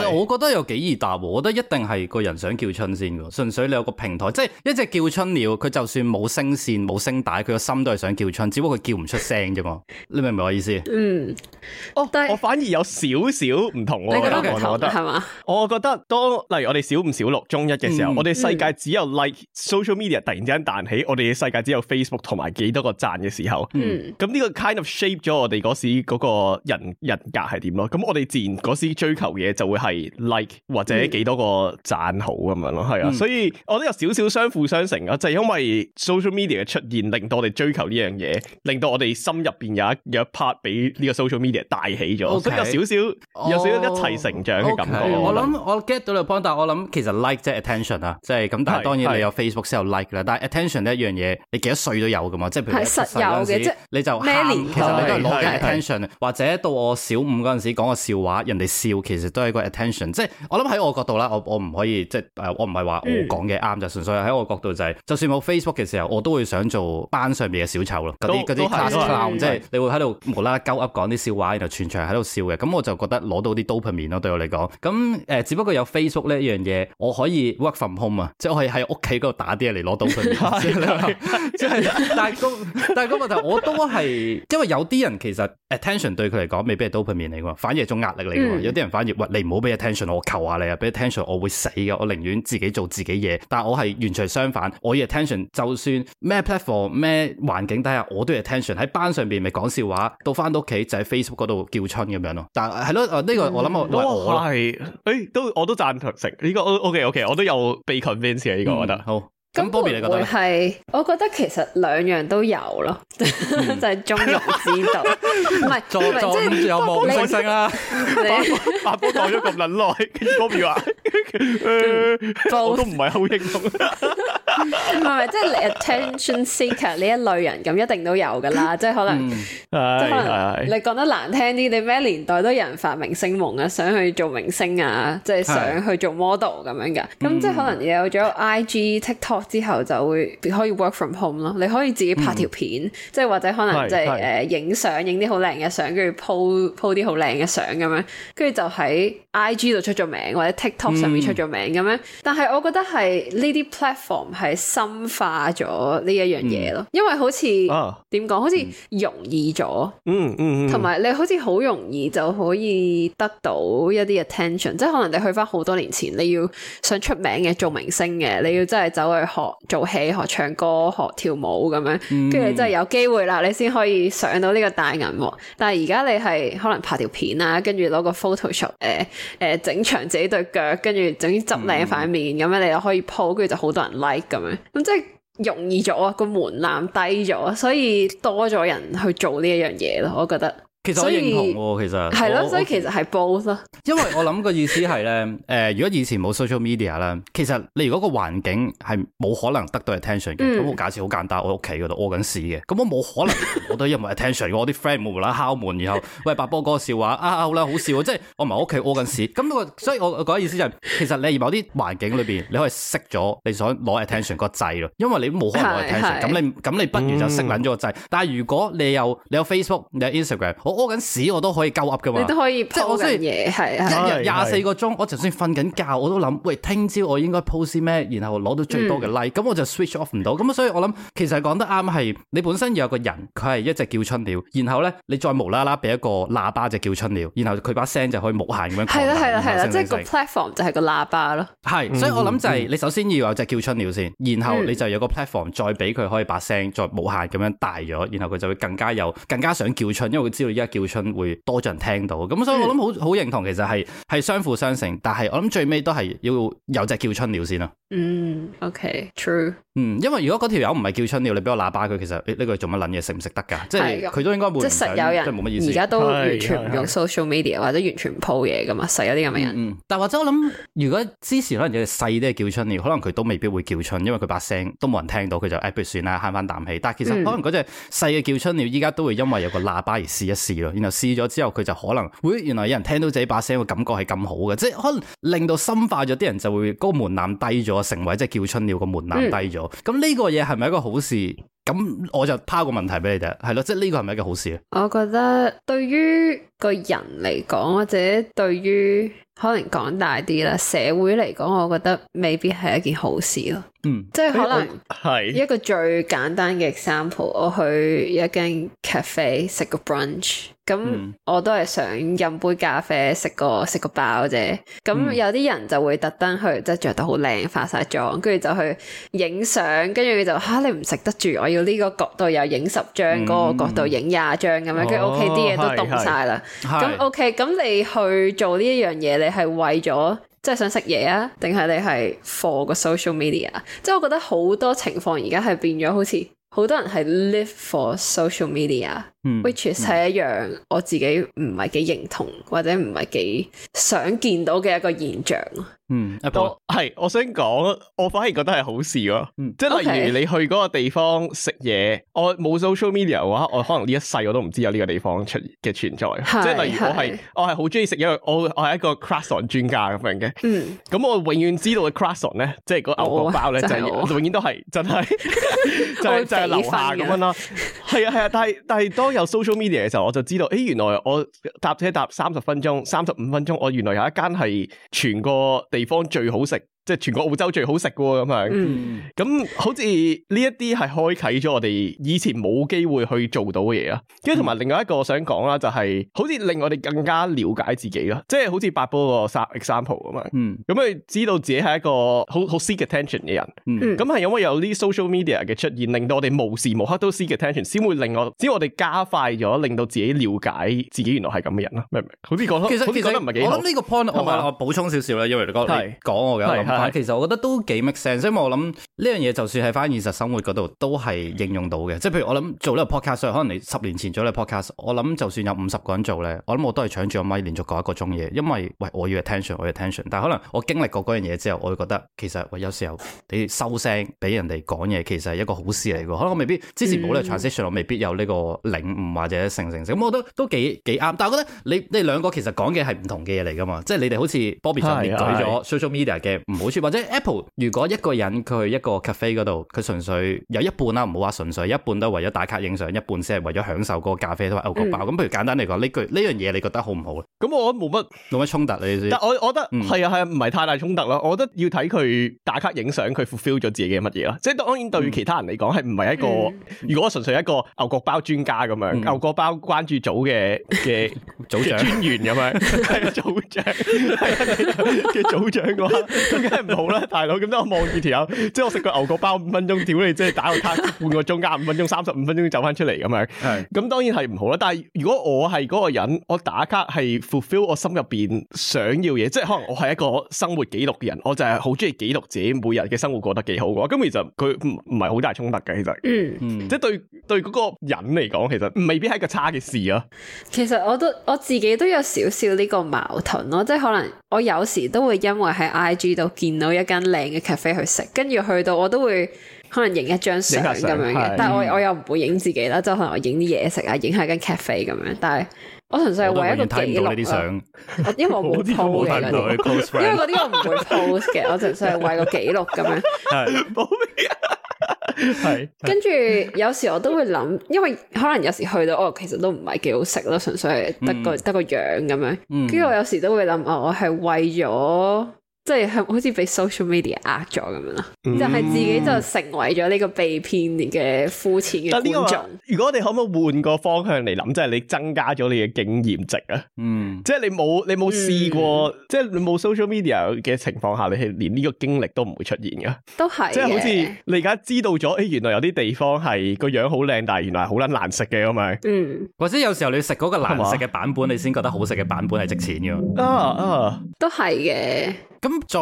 題係我覺得有幾易答。我覺得一定係個人想叫春先㗎，純粹你有個平台，即係一隻叫春鳥，佢就算冇聲線、冇聲帶，佢個心都係想叫春，只不過佢叫唔出聲啫嘛。你明唔明我意思？嗯，我、哦、我反而有少少唔同、啊。你覺得我覺得，係嘛吧？我覺得當例如我哋小五、小六、中一嘅。嗯、我哋世界只有 like、嗯、social media 突然之間彈起，我哋嘅世界只有 Facebook 同埋幾多個讚嘅時候，嗯，咁呢個 kind of shape 咗我哋嗰時嗰個人人格係點咯？咁我哋自然嗰時追求嘅嘢就會係 like 或者幾多個讚好咁樣咯，係、嗯、啊，所以我都有少少相輔相成啊，就係、是、因為 social media 嘅出現令到我哋追求呢樣嘢，令到我哋心入邊有一 part 俾呢個 social media 帶起咗，都 Okay, 有少少有少少一齊、哦、成長嘅感覺。我諗我 get 到你 point，但我諗其實 like 即係 attention 即係咁，但係當然你有 Facebook 先有 like 啦是。但係 attention 呢一樣嘢，你幾多歲都有噶嘛？即、就、係、是、譬如細嗰陣時你就下是其實你都攞 attention，或者到我小五嗰陣時講個笑話，人哋笑其實都係一個 attention。即係我諗喺我角度啦，我我唔可以即係、就是、我唔係話我講嘅啱就純粹喺我角度就係、是，就算冇 Facebook 嘅時候，我都會想做班上邊嘅小丑咯，啲啲即係你會喺度無啦啦鳩噏講啲笑話，然後全場喺度笑嘅。咁我就覺得攞到啲 dopamine 咯，對我嚟講。咁誒、呃，只不過有 Facebook 呢一樣嘢，我可以份空啊，home, 即係我係喺屋企嗰度打啲嘢嚟攞 dopamine，即係 是、 就是。但係、那個 但係個問題我都係，因為有啲人其實 attention 對佢嚟講未必係 dopamine 嚟嘅，反而係種壓力嚟嘅。嗯、有啲人反而，喂，你唔好俾 attention，我求下你啊，俾 attention 我會死嘅，我寧願自己做自己嘢。但係我係完全相反，我亦 attention，就算咩 platform 咩環境底下，我都係 attention。喺班上邊咪講笑話，到翻到屋企就喺 Facebook 嗰度叫春咁樣咯。但係係咯，呢、啊啊這個我諗我我係，誒是、欸，都我都讚同成呢、這個。O K O K，我都有。被 convince 啊呢、嗯、個我覺得好。咁 Bobby 你覺得係？我覺得其實兩樣都有咯， 就係中庸之道，唔係中中又冇上升啊，你把波擋咗咁撚耐，跟住 Bobby 話。 誒，都唔係好英雄，唔係唔係，即係你 attention seeker 呢一類人，咁一定都有噶啦，即係可能，即係可能你講得難聽啲，你咩年代都有人發明星夢啊，想去做明星啊，即係想去做 model 咁樣噶，咁即係可能有咗 IG TikTok 之後，就會可以 work from home 咯，你可以自己拍條片，即係或者可能即係誒影相，影啲好靚嘅相，跟住鋪鋪啲好靚嘅相咁樣，跟住就喺 IG 度出咗名，或者 TikTok。嗯、出咗名咁樣，但係我覺得係呢啲 platform 係深化咗呢一樣嘢咯。嗯、因為好似點講好似容易咗，嗯嗯，同埋你好似好容易就可以得到一啲 attention，嗯嗯嗯、即係可能你去翻好多年前，你要想出名嘅，做明星嘅，你要真係走去學做戲學唱歌、學跳舞咁樣，跟住真係有機會啦，你先可以上到呢個大銀幕。但係而家你係可能拍條片啊，跟住攞個 photoshop，誒、呃、誒、呃、整長自己對腳跟。跟住總之執靚塊面咁樣，你就可以 po，跟住就好多人 like 咁樣，咁即係容易咗，個門檻低咗，所以多咗人去做呢一樣嘢咯，我覺得。其實我認同喎，其實係咯，我所以其實係 both 我我因為我諗個意思係咧，誒、 呃，如果以前冇 social media 咧，其實你如果個環境係冇可能得到 attention 嘅、嗯，咁我假設好簡單，我屋企嗰度屙緊屎嘅，咁我冇可能 我都因為 attention。如果我啲 friend 無啦啦敲門，然後喂八波哥笑話啊好啦好笑,， 啊、好笑即係我唔係屋企屙緊屎，咁、那個所以我個意思就，其實你某啲環境裏邊，你可以熄咗你想攞 attention 個掣咯，因為你冇可能攞 attention，咁、嗯、你咁你不如就熄撚咗個掣。但係如果你有你有 Facebook，你有 Instagram，屙緊屎我都可以夠噏嘅嘛，你都可以即 post 緊嘢，係啊，一日廿四個鐘，我就算瞓緊覺，我都諗，喂，聽朝我應該 post 啲咩，然後攞到最多嘅 like，咁、嗯、我就 switch off 唔到。咁啊，所以我諗其實講得啱係，你本身要有個人佢係一隻叫春鳥，然後咧你再無啦啦俾一個喇叭就叫春鳥，然後佢把聲就可以無限咁樣係啦係啦係啦，即係個 platform 就係個喇叭咯。係、嗯，所以我諗就係你首先要有隻叫春鳥先，然後你就有一個 platform 再俾佢可以把聲再無限咁樣大咗，然後佢就會更加有更加想叫春，因為佢知道叫春會多咗人聽到，咁所以我諗好好認同，其實係係相輔相成，但係我諗最尾都係要有隻叫春鳥先啦。嗯，OK，True。Mm, okay, true. 嗯，因為如果嗰條友唔係叫春鳥，你俾個喇叭佢，其實呢、欸，這個做乜卵嘢，食唔食得噶？即係佢的都應該會。即實有人，冇乜意思。而家都完全唔用 social media 的或者完全鋪嘢噶嘛，實有啲咁嘅人。但或，的或者我諗，如果之前可能有隻細啲嘅叫春鳥，可能佢都未必會叫春，因為佢把聲都冇人聽到，佢就誒，不、哎、如算啦，慳翻啖氣。但其實可能嗰隻細嘅叫春鳥，依家都會因為有個喇叭而試一試咯。然後試咗之後，佢就可能會原來有人聽到自己把聲嘅感覺係咁好嘅，即係可能令到深化咗，啲人就會嗰個門檻低咗。個成為即係叫春鳥個、嗯、這這個門檻低咗，咁呢個嘢，係咪一個好事？咁我就拋個問題俾你哋，係咯，即係呢個係咪一個好事？啊，我覺得對於。個人嚟講，或者對於可能講大啲啦，社會嚟講，我覺得未必係一件好事咯。嗯，即係可能係一個最簡單嘅 example。我，我去一間 cafe 食個 brunch，咁、嗯、我都係想飲杯咖啡，食個食個包啫。咁、嗯、有啲人就會特登去，即係着得好靚，化晒妝，跟住就去影相，跟住佢就吓、啊、你唔食得住，我要呢個角度又影十張，嗰、嗯、個角度影廿張咁樣，跟住 OK，啲嘢、哦、都凍晒啦。咁 OK，咁你去做呢一樣嘢，你係為咗即係想食嘢啊？定係你係 for 個 social media？即係我覺得好多情況而家係變咗，好似好多人係 live for social media。which 係一樣，我自己唔係幾認同或者唔係幾想見到嘅一個現象咯。嗯，阿寶係我想講，我反而覺得係好事咯。嗯，即係例如你去個地方食嘢，我冇 social media 嘅話，我可能呢一世我都唔知有呢個地方出嘅存在。即係例如我係我係好中意食，因為，我我係一個 croissant 專家咁樣嘅。嗯，咁我永遠知道嘅 croissant 咧，即係嗰牛角包咧，就係、是、我永遠都係真係就是就係樓下咁樣咯。係啊係啊，但係但係當。有 social media 嘅時候，我就知道，誒、欸、原來我搭車搭三十分鐘、三十五分鐘，我原來有一間係全個地方最好食。即係全個澳洲最好食嘅咁樣，咁好似呢一啲係開啟咗我哋以前冇機會去做到嘅嘢啊！跟住同埋另外一個我想講啦，就係好似令我哋更加了解自己啦，即係好似 Bobby 個 example 啊嘛。咁佢知道自己係一個好好 seek attention 嘅人，咁係、嗯、因為有啲 social media 嘅出現，令到我哋無時無刻都 seek attention，先會令我，只要我哋加快咗，令到自己了解自己原來係咁嘅人啦。明唔明？好似講得唔係幾好實，其實其實我諗呢個 point，吧我咪我補充少少啦，因為你剛剛講我嘅。其實我覺得都幾 make sense，所以咪我諗呢樣嘢就算係翻現實生活嗰度都係應用到嘅，即係譬如我諗做呢個 podcast，可能你十年前做呢個 podcast，我諗就算有五十個人做咧，我諗我都係搶住個咪連續講一個鐘嘢，因為喂我要 attention，我 attention。但係可能我經歷過嗰樣嘢之後，我會覺得其實喂有時候你收聲俾人哋講嘢，其實係一個好事嚟㗎。可能我未必之前冇呢個 transition 我未必有呢個領悟或者成成成。咁我都都幾幾啱，但係我覺得你你兩個其實講嘅係唔同嘅嘢嚟㗎嘛，即係你哋好似 Bobby 就列舉咗 social media 嘅唔。好處或者 Apple，如果一個人佢去一個 cafe 嗰度，佢純粹有一半啦，唔好話純粹一半都係為咗打卡影相，一半先係為咗享受嗰個咖啡同埋牛角包。咁不如簡單嚟講，呢句呢樣嘢你覺得好唔好咧？咁我冇乜冇乜衝突你意思，但係我我覺得係啊係啊，唔係太大衝突咯。我覺得要睇佢打卡影相，佢 fulfill 咗自己嘅乜嘢咯。即係當然對其他人嚟講係唔係一個，如果純粹一個牛角包專家咁樣，牛角包關注組嘅嘅組長專員咁樣，係組長係啊嘅組長嘅話。即係唔好啦，大佬咁都我望住條友，即係我食個牛角包五分鐘，屌你即係打個卡半個鐘加五分鐘，三十五分鐘就翻出嚟咁樣。係咁當然係唔好啦。但係如果我係嗰個人，我打卡係 fulfill 我心入邊想要嘢，即係可能我係一個生活記錄嘅人，我就係好中意記錄自己每日嘅生活過得幾好嘅話，咁其實佢唔唔係好大衝突嘅，其實。嗯嗯、即係對對嗰個人嚟講，其實未必係一個差嘅事啊。其實我都我自己都有少少呢個矛盾咯，即係可能我有時都會因為喺 IG 度。見到一間靚嘅 cafe 去食，跟住去到我都會可能影一張相咁樣嘅，但係我是我，我又唔會影自己啦，即係可能我影啲嘢食啊，影下間 cafe 咁樣。但係我純粹係為一個記錄啦，因為我冇 post 嘅，因為嗰啲我唔會 post 嘅， 我純粹係為個記錄咁樣。係，跟住有時我都會諗，因為可能有時去到哦，其實都唔係幾好食咯，純粹係得個、嗯、得個樣咁樣。跟住、嗯、我有時都會諗啊、哦，我係為咗。即係好似俾 social media 呃咗咁樣咯，嗯、就係自己就成為咗呢個被騙嘅膚淺嘅觀眾、呢個。如果你可唔可以換個方向嚟諗，即係你增加咗你嘅經驗值啊？嗯，即係你冇你冇試過，嗯、即係你冇 social media 嘅情況下，你係連呢個經歷都唔會出現噶。都係，即係好似你而家知道咗，誒、欸，原來有啲地方係個樣好靚，但係原來好撚難食嘅咁樣。嗯，或者有時候你食嗰個難食嘅版本，嗎你先覺得好食嘅版本係值錢嘅、嗯嗯。都係嘅。咁。再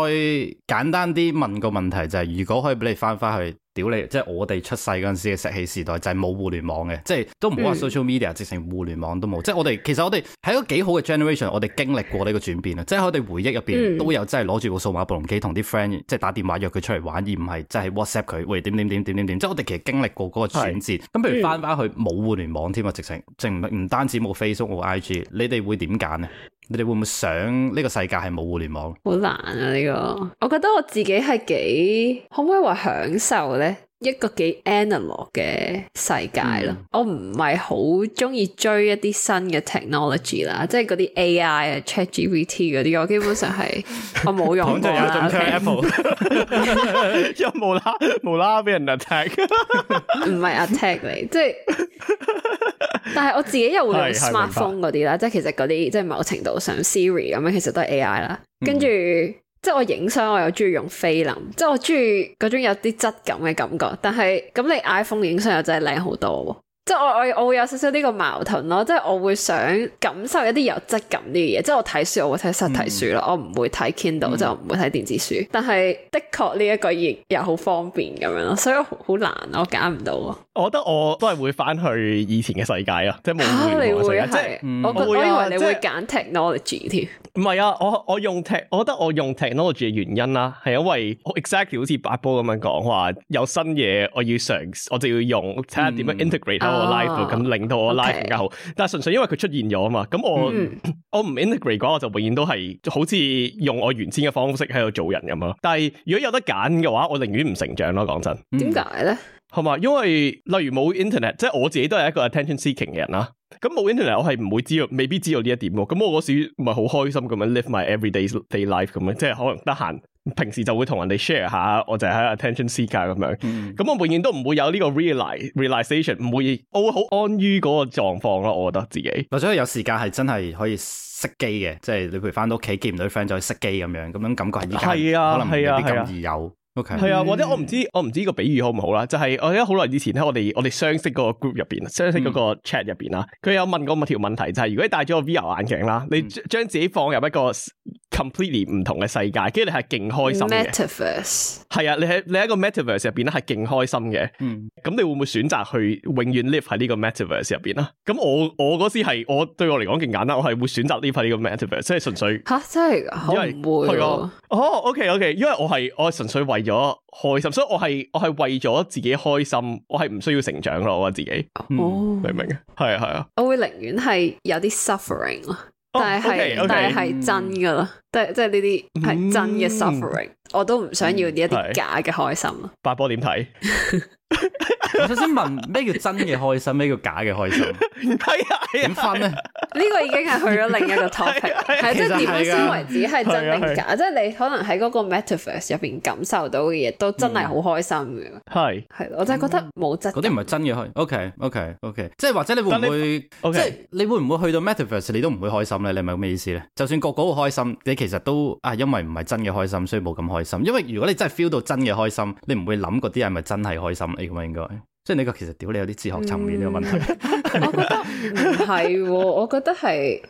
簡單啲問個問題就係、是，如果可以俾你翻翻去屌你，即係我哋出世嗰陣時嘅石器時代就係冇互聯網嘅，即係都唔好話 social media，直情互聯網都冇。即係我哋其實我哋喺一個幾好嘅 generation，我哋經歷過呢個轉變啊！即係我哋回憶入邊都有真係攞住部數碼暴龍機同啲 friend 即係打電話約佢出嚟玩，而唔係即係 WhatsApp 佢，喂點點點點點點。即係我哋其實經歷過嗰個轉變。咁、嗯、譬如翻翻去冇互聯網添啊，直情即唔唔單止冇 Facebook 冇 IG，你哋會點揀呢？你哋會唔會想呢個世界係冇互聯網？好難啊！呢個，我覺得我自己係幾，可唔可以話享受呢？一個幾 analogue 嘅世界咯，嗯、我唔係好中意追一啲新嘅 technology 啦，即係嗰啲 AI 啊、ChatGPT 嗰啲，我基本上係 我冇用過啦。有 animal，冇啦？冇啦？俾人 attack？唔係 attack 你，即係， 但係我自己又會用 smartphone 嗰啲啦，即係其實嗰啲即係某程度上 Siri 咁樣，其實都係 AI 啦，嗯嗯、跟住。即係我影相，我又中意用菲林，即係我中意嗰種有啲質感嘅感覺。但係咁你 iPhone 影相又真係靚好多，即係我我我會有少少呢個矛盾咯。即係我會想感受一啲有質感啲嘢。即係我睇書，我會睇實體書咯，嗯、我唔會睇 Kindle，、嗯、即係我唔會睇電子書。但係的確呢一個亦又好方便咁樣咯，所以好難，我揀唔到。我覺得我都係會翻去以前嘅世界咯，即係冇。真、啊嗯、我我以為、就是、你會揀 technology 添。唔係啊，我我用，tech，我覺得我用 technology 嘅原因啦，係因為我 exactly 好似 Bobby 咁樣講話有新嘢，我要嘗試，我就要用睇下點樣 integrate 喺我 life 咁令到我 life 更加好。Okay，但係純粹因為佢出現咗啊嘛，咁我、嗯、我唔 integrate 嘅話，我就永遠都係好似用我原先嘅方式喺度做人咁咯。但係如果有得揀嘅話，我寧願唔成長咯。講真，點解咧？係嘛？因為例如冇 internet，即係我自己都係一個 attention seeking 嘅人啦。咁冇 internet，我係唔會知道，未必知道呢一點嘅。咁我嗰時唔係好開心咁樣 live my everyday day life 咁樣,即係可能得閒，平時就會同人哋 share 下,我就係喺 attention seeker 咁樣。咁、嗯、我永遠都唔會有呢個 realize realization，唔會，我會好安於嗰個狀況咯。我覺得自己或者有時間係真係可以熄機嘅，即係你譬如翻到屋企見唔到 friend 就熄機咁樣，咁樣感覺係依家可能唔會咁易有，有、啊。係 Okay. 啊，或者我唔知，我唔知呢個比喻好唔好啦。就係我喺好耐以前喺我哋我哋相識嗰個 group 入邊，相識嗰個 chat 入邊啦。佢、嗯、有問過我條問題，就係、是、如果你戴咗個 VR 眼鏡啦，嗯、你將自己放入一個 completely 唔同嘅世界，跟住你係勁開心嘅。Metaverse 係啊，你喺你喺個 Metaverse 入邊咧係勁開心嘅。嗯，咁你會唔會選擇去永遠 live 喺呢個 Metaverse 入邊啊？咁我我嗰時係我對我嚟講勁簡單，我係會選擇 live 喺呢個 Metaverse，即係純粹吓，真係我唔會係哦，OK OK，因為我係我純粹為。咗開心，所以我係我係為咗自己開心，我係唔需要成長咯。我自己，嗯、哦，明唔明啊？係啊係啊，我會寧願係有啲 suffering 咯，但係但係係真噶咯，即即係呢啲係真嘅 suffering，、嗯、我都唔想要呢一啲假嘅開心。嗯、八波點睇？ 我首先問咩叫真嘅開心，咩叫假嘅開心？點分咧？呢個已經係去咗另一個 topic，係即係點先為止係真定假？即係你可能喺嗰個 Metaverse 入邊感受到嘅嘢，都真係好開心嘅。係係，我真係覺得冇質。嗰啲唔係真嘅開。OK OK OK，即係或者你會唔會？即係你會唔會去到 Metaverse 你都唔會開心咧？你係咪咁咩意思咧？就算個個開心，你其實都啊，因為唔係真嘅開心，所以冇咁開心。因為如果你真係 feel 到真嘅開心，你唔會諗嗰啲人係咪真係開心？你呢個應該。即係你個其實屌你有啲哲學層面呢個問題，我覺得唔係，我覺得係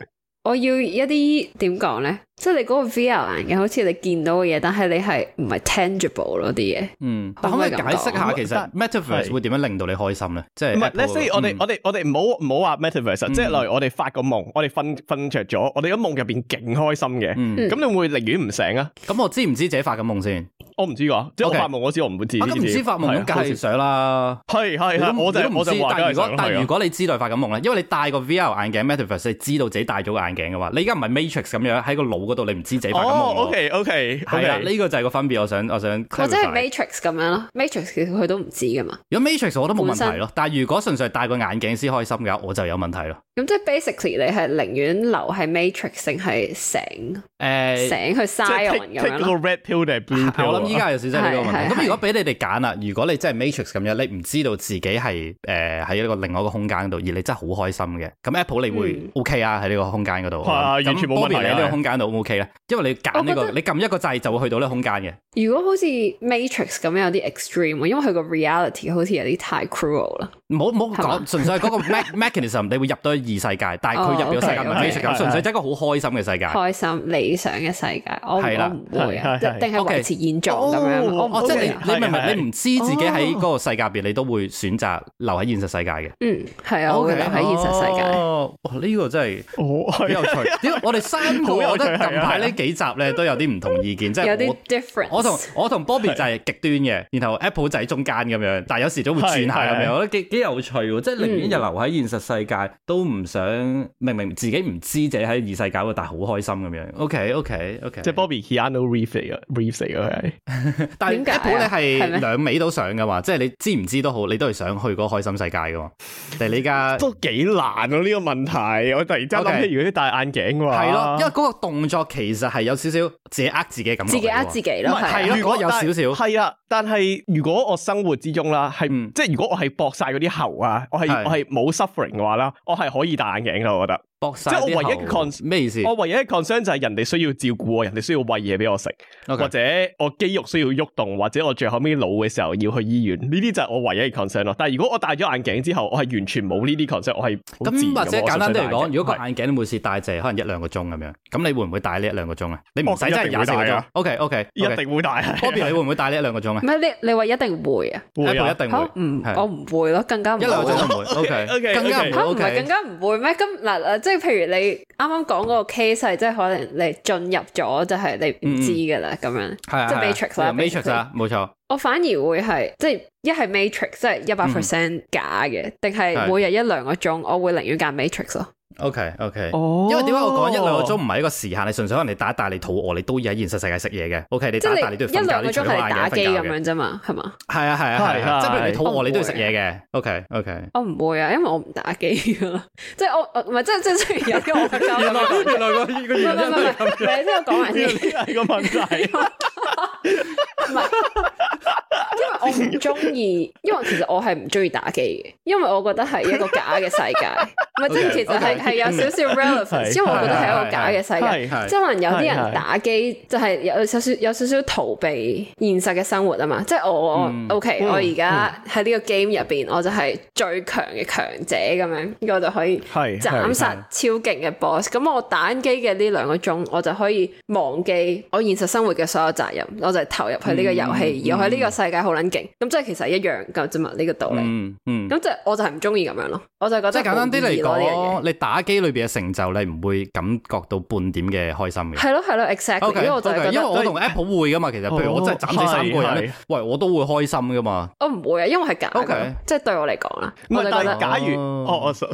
我要一啲點講咧，即係你嗰個 VR 嘅，好似你見到嘅嘢，但係你係唔係 tangible 咯啲嘢。嗯，可唔可以解釋下其實 Metaverse 會點樣令到你開心咧？即係唔係 l e 我哋我哋我哋唔好唔好話 Metaverse，即係例如我哋發個夢，我哋瞓瞓着咗，我哋喺夢入邊勁開心嘅，咁你會寧願唔醒啊？咁我知唔知自己發緊夢先？我唔知噶，即係我發夢我知，我唔會知。我都唔知發夢，梗係想啦。係係，咁我就我就懷疑，但如果你知道發緊夢咧，因為你戴個 VR 眼鏡，MetaVerse 你知道自己戴咗個眼鏡嘅話，你而家唔係 Matrix 咁樣喺個腦嗰度，你唔知自己發緊夢 O K O K，係啦，呢個就係個分別。我想我想，或者係 Matrix 咁樣咯。Matrix 其實佢都唔知噶嘛。如果 Matrix 我都冇問題咯，但係如果純粹戴個眼鏡先開心嘅話，我就有問題咯。咁即係 basically 你係寧願留喺 Matrix 定係醒誒醒去 Zion 咁樣。即係 take take 個 Red Pill 定係依家有少少呢個問題。咁如果俾你哋揀啦，如果你真係 Matrix 咁樣，你唔知道自己係誒喺呢個另外一個空間度，而你真係好開心嘅，咁 Apple 你會 OK 啊？喺呢個空間度，完全冇問題。喺呢個空間度，O 唔 OK 咧？因為你揀呢個，你撳一個掣就會去到呢個空間嘅。如果好似 Matrix 咁樣有啲 extreme，因為佢個 reality 好似有啲太 cruel 啦。唔好講，純粹係嗰個 mechanism，你會入到二世界，但係佢入咗世界係真純粹真係一個好開心嘅世界。開心理想嘅世界，我我唔會啊，定係維持現咁即係你，你明明你唔知自己喺嗰個世界邊，你都會選擇留喺現實世界嘅。嗯，係啊，我好中意喺現實世界。哦，呢個真係，哦，有趣。點解我哋三個，我覺得近排呢幾集咧都有啲唔同意見，即係有啲 difference。我同我同 Bobby 就係極端嘅，然後 Apple 就喺中間咁樣。但係有時都會轉下咁樣，我覺得幾幾有趣。即係寧願就留喺現實世界，都唔想明明自己唔知自己喺二世界，但係好開心咁樣。OK，OK，OK，即係 Bobby piano refill 啊，refill 啊係。 但係點解你係兩尾都想噶嘛？嗎即係你知唔知都好，你都係想去嗰個開心世界噶嘛？但係你依家都幾難啊呢，這個問題，我突然之間諗起如果你戴眼鏡嘅話，係咯，因為嗰個動作其實係有少少自己呃自己嘅感覺，自己呃自己咯，就，係，是，如果有少少係啊，但係點如果我生活之中啦係，即係如果我係搏晒嗰啲喉啊，我係是我係冇 suffering 嘅話啦，我係可以戴眼鏡嘅，我覺得。即係我唯一嘅 concern 咩意思？我唯一嘅 concern 就係人哋需要照顧我，人哋需要喂嘢俾我食，或者我肌肉需要喐動，或者我最後屘老嘅時候要去醫院，呢啲就係我唯一嘅 concern 咯。但係如果我戴咗眼鏡之後，我係完全冇呢啲 concern 我係咁或者簡單啲嚟講，如果個眼鏡每次戴借可能一兩個鐘咁樣，咁你會唔會戴呢一兩個鐘啊？你唔使真係廿四鐘。O K O K 一定會戴啊！你會唔會戴呢一兩個鐘啊？唔係你你話一定會啊？一定會我唔會咯，更加唔會。一兩個更加唔係更加唔會咩？咁嗱即即係譬如你啱啱講嗰個 case，即係可能你進入咗，就係、是、你唔知噶啦咁樣，係、嗯、即係 Mat 的 matrix 啦，matrix 啦，冇錯。我反而會係，即係一係 matrix，即係一百 percent 假嘅，定係、嗯、每日一兩個鐘，的我會寧願揀 matrix 咯。O K O K，因為點解我講一兩個鐘唔係一個時限，你純粹可能你打一打，你肚餓，你都要喺現實世界食嘢嘅。O、okay, K，你，你打一打，你都要瞓覺嘅。一兩個鐘係打機咁樣啫嘛，係嘛？係啊係啊，嗯嗯、即係譬如你肚餓，啊、你都要食嘢嘅。O K O K。Aussi, okay. 我唔會啊，因為我唔打機咯、啊。即係我唔係即係即係，即家我瞓覺。原來原來個個 原，原，原，原因係咁樣。 你聽我講埋先。呢係個問題， 問題 。笑 因為我唔中意， 因為其實我係唔中意打機嘅，因為我覺得係一個假嘅世界，唔係真，即係其實係係有少少 relevance， 對因為我覺得係一個假嘅世界，即係可能有啲人打機就係、是、有少少有少少逃避現實嘅生活啊嘛，即係我 OK，我而家喺呢個 game 入邊，我就係最強嘅強者咁樣，我就可以斬殺超勁嘅 boss，咁我打機嘅呢兩個鐘，我就可以忘記我現實生活嘅所有責任，我就係投入去呢個遊戲，而我喺呢個世界好。嗯嗯嗯咁，即係其實一樣噶啫嘛，呢個道理。咁即係我就係唔中意咁樣咯，我就覺得。即係簡單啲嚟講，你打機裏邊嘅成就，你唔會感覺到半點嘅開心嘅。係咯係咯，exact。因為我就覺得，因為我同 Apple 會噶嘛，其實譬如我真係斬死三個人，喂，我都會開心噶嘛。我唔會啊，因為係假。即係對我嚟講啦。唔係，就係假如。哦哦，傻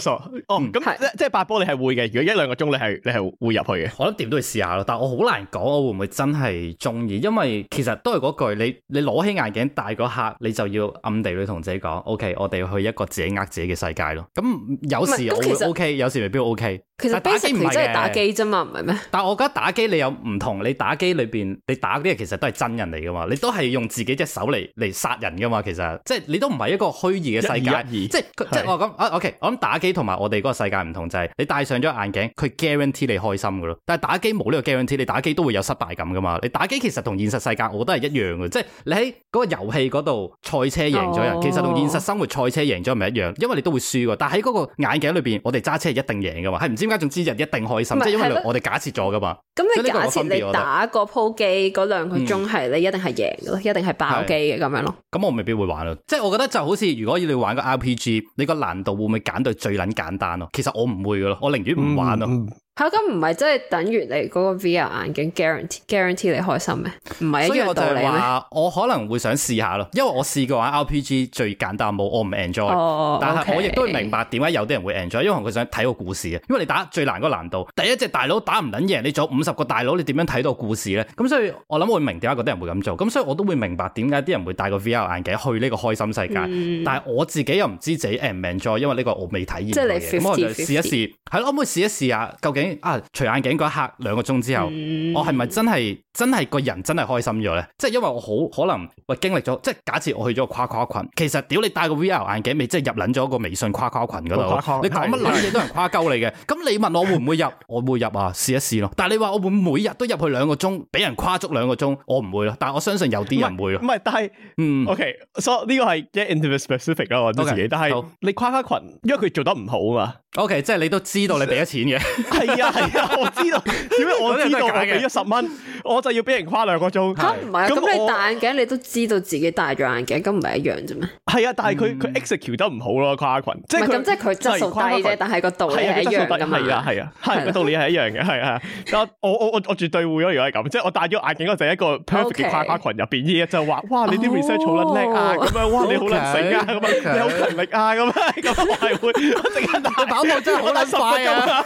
咁即係八波，你係會嘅。如果一兩個鐘，你係你係會入去嘅。我諗點都要試下咯，但係我好難講，我會唔會真係中意？因為其實都係嗰句，你你攞起眼鏡。大嗰刻，你就要暗地裏同自己講 ，OK，我哋要去一個自己呃自己嘅世界咯。咁有時我會 OK，有時未必 OK。其實真係打機咋嘛，唔係咩？但係我覺得打機你有唔同。你打機裏邊，你打嗰啲其實都係真人嚟㗎嘛，你都係用自己隻手嚟嚟殺人㗎嘛。其實即係你都唔係一個虛擬嘅世界，12, 即係是即係我咁 OK。我諗打機同埋我哋嗰個世界唔同就係、是、你戴上咗眼鏡，佢 guarantee 你開心㗎咯。但係打機冇呢個 guarantee，你打機都會有失敗感㗎嘛。你打機其實同現實世界我覺得係一樣嘅，即係你喺嗰個遊戲嗰度賽車贏咗人，哦、其實同現實生活賽車贏咗唔一樣，因為你都會輸嘅。但係喺嗰個眼鏡裏邊，我哋揸車一定贏㗎嘛，係唔知。家總之人一定開心，不即係因為吧我哋假設咗噶嘛。咁你假設你打，你打鋪機個鋪機嗰兩個鐘係你一定係贏咯，一定係爆機嘅咁樣咯。咁我未必會玩咯。即係我覺得就好似如果要你玩個 RPG，你個難度會唔會揀到最捻簡單咯？其實我唔會噶咯，我寧願唔玩咯。嗯嗯咁唔係真係等於你嗰個 VR 眼鏡 guarantee guarantee 你開心咩？唔係一樣道理咩？所以我就話我可能會想試下咯，因為我試過玩 RPG 最簡單冇我唔 enjoy，oh, okay. 但係我亦都會明白點解有啲人會 enjoy，因為佢想睇個故事啊。因為你打最難嗰個難度，第一隻大佬打唔撚贏，你做五十個大佬，你點樣睇到故事咧？咁所以，我諗會明點解有啲人會咁做。咁所以我都會明白點解啲人會帶個 VR 眼鏡去呢個開心世界。嗯、但係我自己又唔知自己誒唔 enjoy，因為呢個我未體驗嘅嘢。咁我就試一試，係咯 50，我可以試一試下。究竟？啊！除眼鏡嗰一刻，兩個鐘之後，嗯、我係咪真係？真係個人真係開心咗咧，即係因為我好可能喂經歷咗，即係假設我去咗個跨跨群，其實屌你戴個 VR 眼鏡咪即係入捻咗個微信跨跨群嗰度，你講乜捻嘢都人跨鳩你嘅，咁你問我會唔會入？我會入啊，試一試咯。但係你話我會每日都入去兩個鐘，俾人跨足兩個鐘，我唔會咯。但我相信有啲人會咯。唔係，但係嗯，OK，所以呢個係即係 interespecific 啊。我自己。但係你跨跨群，因為佢做得唔好啊嘛。OK，即係你都知道你俾咗錢嘅，係啊係啊，我知道，點解我知道俾咗十蚊我。就要俾人誇兩個鐘。咁唔係，咁你戴眼鏡你都知道自己戴咗眼鏡，咁唔係一樣啫咩？係啊，但係佢佢 execute 得唔好咯。誇群，即係佢即係佢質素低啫，但係個道理一樣咁啊，係啊係啊，係個道理係一樣嘅，係啊。我我我我絕對會如果係咁，即係我戴咗眼鏡嗰陣一個 perfect 嘅誇下群入邊，依家就話哇，你啲 research 好撚叻啊，咁樣哇，你好能醒啊，咁樣你好勤力啊，咁樣咁係會，突然間你跑步真係好撚快啊！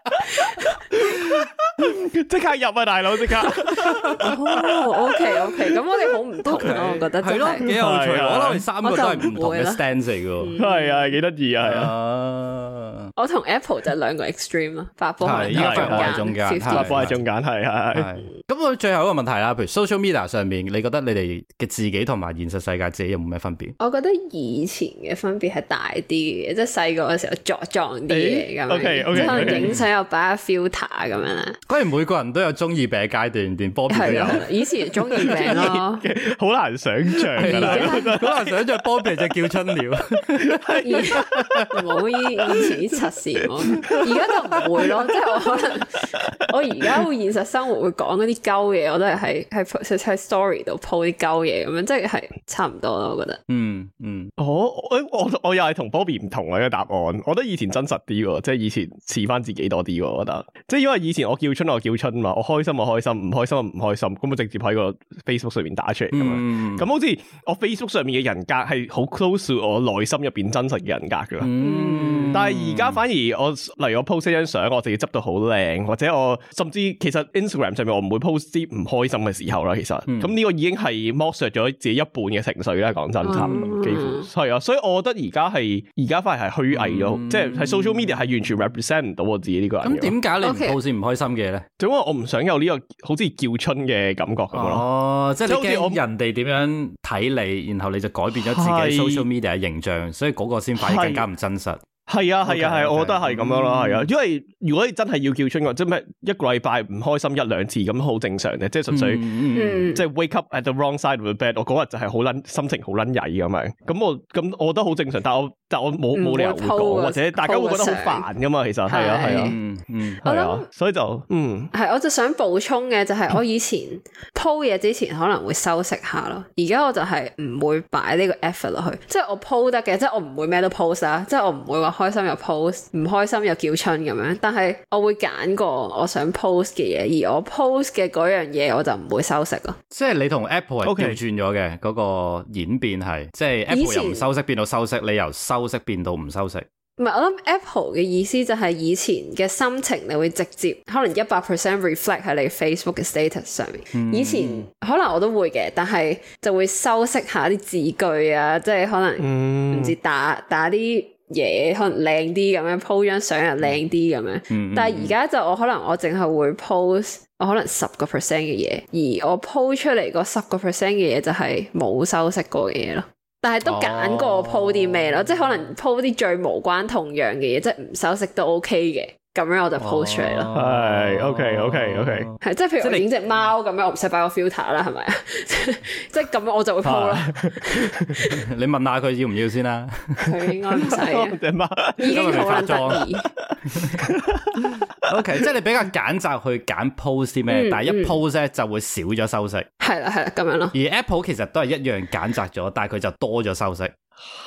即刻入啊，大佬！即刻 OK OK，咁我哋好唔同啊，我覺得係咯，幾有趣啊！我哋三個都係唔同嘅 stance 嚟噶，係啊，幾得意啊！我同 Apple 就兩個 extreme 咯，Bobby 喺中間，Bobby 喺中間，係啊，係。咁我最後一個問題啦，譬如 social media 上面，你覺得你哋嘅自己同埋現實世界自己有冇咩分別？我覺得以前嘅分別係大啲嘅，即係細個嘅時候作狀啲嘅咁樣，即係影相又擺。filter 咁樣，果然每個人都有中二病階段，段。連 Bobby 都有。以前中二病咯，好 難想象噶啦，好難想象 Bobby 就叫春鳥，唔 好以前啲插線咯。而家就唔會咯，即係我可能，我而家會現實生活會講嗰啲鳩嘢，我都係喺喺喺 story 度鋪啲鳩嘢咁樣，即係係差唔多咯。我覺得，嗯嗯，嗯哦、我我我又係同 Bobby 唔同啊。呢個答案，我覺得以前真實啲喎，即係以前似翻自己多啲。我覺得即係因為以前我叫春我叫春嘛，我開心我開心，唔開心我唔開心，咁我直接喺個 Facebook 上面打出嚟㗎嘛。咁、嗯、好似我 Facebook 上面嘅人格係好 close 我內心入邊真實嘅人格噶，嗯、但係而家反而我例如我 post 張相我就要執到好靚，或者我甚至其實 Instagram 上面我唔會 post 啲唔開心嘅時候啦，其實咁呢、嗯、個已經係剝削咗自己一半嘅情緒啦，講真真，嗯、幾乎係啊，所以我覺得而家係而家反而係虛偽咗，嗯、即係係 social media 係完全 represent 唔到我自己呢個人。嗯點解你唔好先唔開心嘅咧？就因為我唔想有呢個好似叫春嘅感覺咁咯。哦，即係你驚我人哋點樣睇你，然後你就改變咗自己 social media 嘅形象，是所以嗰個先反而更加唔真實。係啊，係啊，係，我覺得係咁樣咯，係啊，因為如果你真係要叫春，即係咩一個禮拜唔開心一兩次咁好正常嘅，即係純粹即係 wake up at the wrong side of the bed，我嗰日就係好捻心情好捻曳咁樣，咁我咁我覺得好正常，但係我但我冇冇理由會講，或者大家會覺得好煩噶嘛，其實係啊係啊，嗯，係啊。所以就嗯係，我就想補充嘅就係我以前 po 嘢之前可能會收拾下咯，而家我就係唔會擺呢個 effort 落去，即係我 po 得嘅，即係我唔會咩都 post 即係我唔會話。開心又 post 唔開心又叫春咁樣。但係我會揀個我想 post 嘅嘢，而我 post 嘅嗰樣嘢我就唔會修飾咯。即係你同 Apple 調轉咗嘅嗰個演變係，即係 Apple 以前又唔修飾變到修飾，你由修飾變到唔修飾。唔係，我諗 Apple 嘅意思就係以前嘅心情你會直接可能一百 percent reflect 喺你 Facebook 嘅 status 上面。以前可能我都會嘅，但係就會修飾下啲字句啊，即係可能唔、嗯、知打打啲。嘢可能靚啲咁樣，po 張相又靚啲咁樣。嗯嗯嗯，但係而家就我可能我淨係會 po，我可能十個 percent 嘅嘢，而我 po 出嚟個十個 percent 嘅嘢就係冇修飾過嘅嘢咯。但係都揀過 po 啲咩咯？哦、即係可能 po 啲最無關痛癢嘅嘢，即係唔修飾都 OK 嘅。咁樣我就 post 出嚟啦。係、oh,，OK，OK，OK、okay, okay, okay.。係，即係譬如整影隻貓咁樣，我唔使擺個 filter 啦，係咪啊？即係咁樣，我就會 post 啦。 你問下佢要唔要先啦、啊。佢 應該唔使隻貓已經化妝。 OK，即係你比較揀擇去揀 post 啲咩？嗯、但係一 post 咧就會少咗收息。係啦、嗯，係啦，咁樣咯。而 Apple 其實都係一樣揀擇咗，但係佢就多咗收息。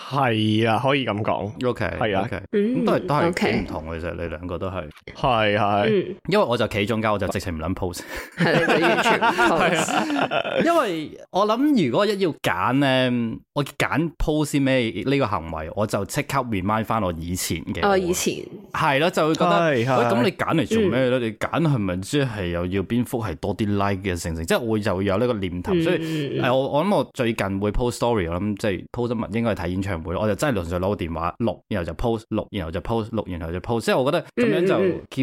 係啊，可以咁講，OK，係啊，OK，咁都係都係幾唔同嘅，其實你兩個都係，係係，因為我就企中間，我就直情唔諗 post，係你完全，係啊，因為我諗如果一要揀咧，我揀 post 咩呢個行為，我就即刻 remind 翻我以前嘅，哦，以前係啦，就會覺得，喂，咁你揀嚟做咩咧？你揀係咪即係又要邊幅係多啲 like 嘅成成？即係會就會有呢個念頭，所以係我我諗我最近會 post story，我諗即係 post 咩應該係。演唱會，我就真係輪上攞個電話錄，然後就 post 錄，然後就 post 錄，然後就 post。即係我覺得咁樣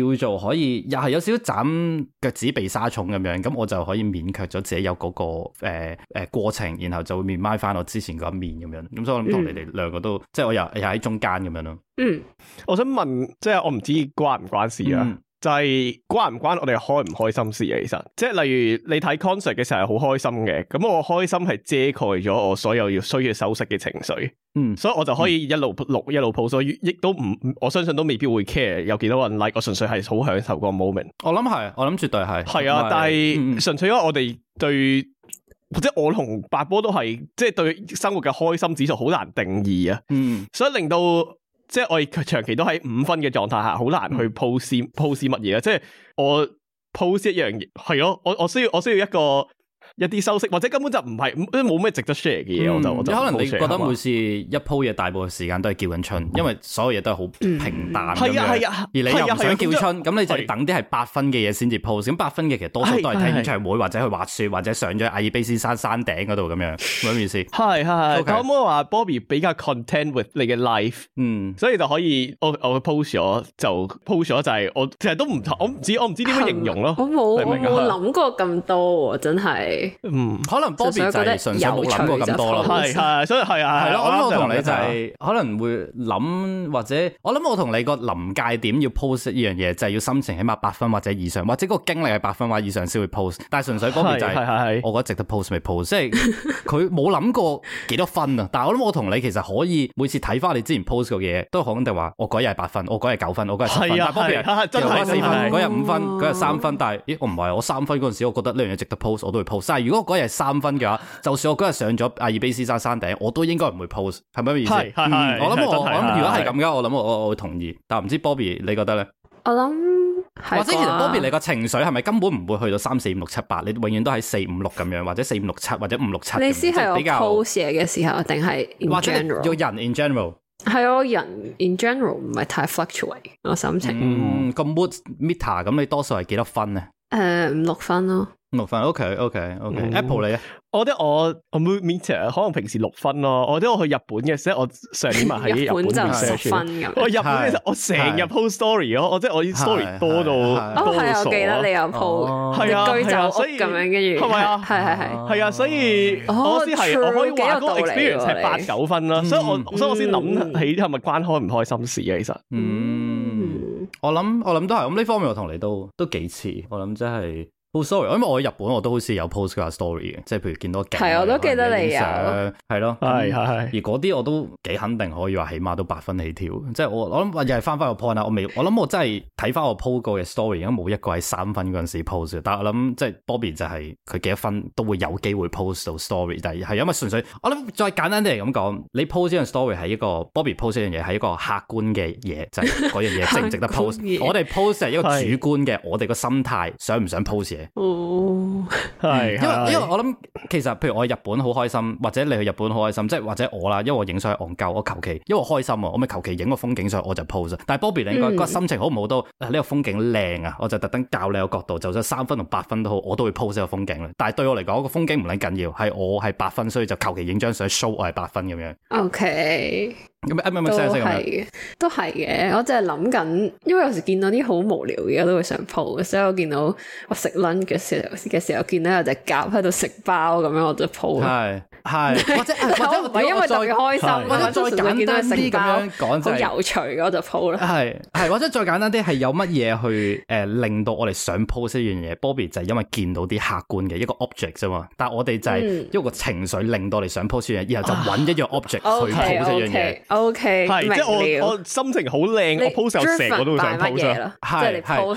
就叫做可以，嗯、又係有少少斬腳趾避沙蟲咁樣，咁我就可以勉強咗自己有嗰、嗰個誒誒、呃呃、過程，然後就會面埋翻我之前嗰一面咁樣。咁所以我諗同你哋兩個都，即係我又又喺中間咁樣咯。樣樣樣嗯，我想問，即、即係、係我唔知關唔關事啊？嗯就係關唔關我哋開唔開心事啊？其實，即係例如你睇 concert 嘅時候係好開心嘅，咁我開心係遮蓋咗我所有要需要收拾嘅情緒。嗯，所以我就可以一路錄一路 post。所以亦都唔我相信都未必會 care 有幾多人 like 我我。我純粹係好享受個 moment。我諗係，我諗絕對係。係啊，但係純粹因為粹我哋對或者、嗯嗯、我同白波都係即係對生活嘅開心指數好難定義啊。嗯，所以令到。即係我哋長期都喺五分嘅狀態下，好難去 post post 乜嘢啊，即係我 post 一樣嘢係咯，我我需要我需要一個。一啲收息，或者根本就唔係，都冇咩值得 share 嘅嘢，我就可能你覺得每次一 po 嘢，大部分時間都係叫緊春，因為所有嘢都係好平淡啊，係啊，而你又想叫春，咁你就等啲係八分嘅嘢先至 po。咁八分嘅其實多數都係睇演唱會，或者去滑雪，或者上咗阿爾卑斯山山頂嗰度咁樣，咁嘅意思。係係，咁我話 Bobby 比較 content with 你嘅 life，嗯，所以就可以我我 po 咗就 po 咗就係我其實都唔我唔知我唔知點樣形容咯，我冇我冇諗過咁多，真係。嗯，可能方便就係純粹冇諗過咁多咯，係所以係啊，係咯。我諗我同你就係可能會諗或者我諗我同你個臨界點要 post 呢樣嘢，就係要心情起碼八分或者以上，或者嗰個經歷係八分或以上先會 post 但係純粹嗰邊就係，我覺得值得 post 咪 post 即係佢冇諗過幾多分啊。但係我諗我同你其實可以每次睇翻你之前 post 個嘢，都肯定話我嗰日係八分，我嗰日九分，我嗰日係啊係啊，真係，嗰日四分，嗰日五分，嗰日三分。但係咦，我唔係我三分嗰陣時，我覺得呢樣嘢值得 post 我都會 post 但係如果我嗰日三分嘅話，就算我嗰日上咗阿爾卑斯山山頂，我都應該唔會 post 係咪咁意思？我諗我諗，如果係咁嘅，我諗我我我會同意。但係唔知 Bobby 你覺得咧？我諗或者其實 Bobby 你個情緒係咪根本唔會去到三四五六七八？你永遠都喺四五六咁樣，或者四五六七，或者五六七。你思係我 post 嘢嘅時候，定係 in general？要人 in general？係我人 in general 唔係太 fluctuate 我心情。嗯，個 mood meter 咁你多數係幾多分咧？誒，五六分咯。六分，OK，OK，OK。Apple 你咧？我覺得我我 move meter 可能平時六分咯。我覺得我去日本嘅，所以我上年咪喺日本就六分。我日本其實我成日 po story 咯，我即係我啲 story 多到多數。係我記得你有 po，係啊，所以係啊，係係係，係啊，所以我先係我可以話嗰個 experience 係八九分啦。所以我所以我先諗起啲係咪關開唔開心事啊？其實，嗯，我諗我諗都係咁呢方面，我同你都都幾似。我諗真係。sorry，因為我喺日本我，我都好似有 post 過 story 嘅，即係譬如見到我都景嘅影相，係咯，係係。而嗰啲我都幾肯定可以話，起碼都八分起跳。即係我我諗又係翻翻個 point 啊，我未，我諗我真係睇翻我 post 過嘅 story，而家冇一個喺三分嗰陣時 post 嘅。但係我諗即係 Bobby 就係、是、佢幾多分都會有機會 post 到 story，但係係因為純粹，我諗再簡單啲嚟咁講，你 post 呢樣 story 係一個 Bobby post 呢樣嘢係一個客觀嘅嘢，就係嗰樣嘢值唔值得 post 也。我哋 post 係一個主觀嘅，我哋個心態想唔想 post 的。哦，係、嗯， 因為 因為我諗，其實譬如我喺日本好開心，或者你去日本好開心，即係或者我啦，因為我影相係憨鳩，我求其，因為我開心啊，我咪求其影個風景相，我就 pose。但係 Bobby 你應該個心情好唔好都呢、嗯啊這個風景靚啊，我就特登教你個角度，就算三分同八分都好，我都會 pose 個風景咧。但係對我嚟講個風景唔撚緊要，係我係八分，所以就求其影張相 show 我係八分咁樣。OK。都係都係嘅。我就係諗緊，因為有時見到啲好無聊嘅，嘢都會想鋪嘅。所以，我見到我食 lunch 嘅時嘅時候，見到有隻鴿喺度食包咁樣，我就鋪。係係，或者或者唔係因為特別開心，我真係簡單啲咁樣講就係有趣，我就鋪啦。係係，或者再簡單啲，係有乜嘢去誒令到我哋想鋪呢樣嘢？Bobby 就係因為見到啲客觀嘅一個 object 啫嘛？但係我哋就係因為個情緒令到我哋想鋪呢樣嘢，然後就揾一樣 object 去鋪呢樣嘢。O.K. 係是，即係我我心情好靚，你我 post 成石都都想 post 出是，係係係。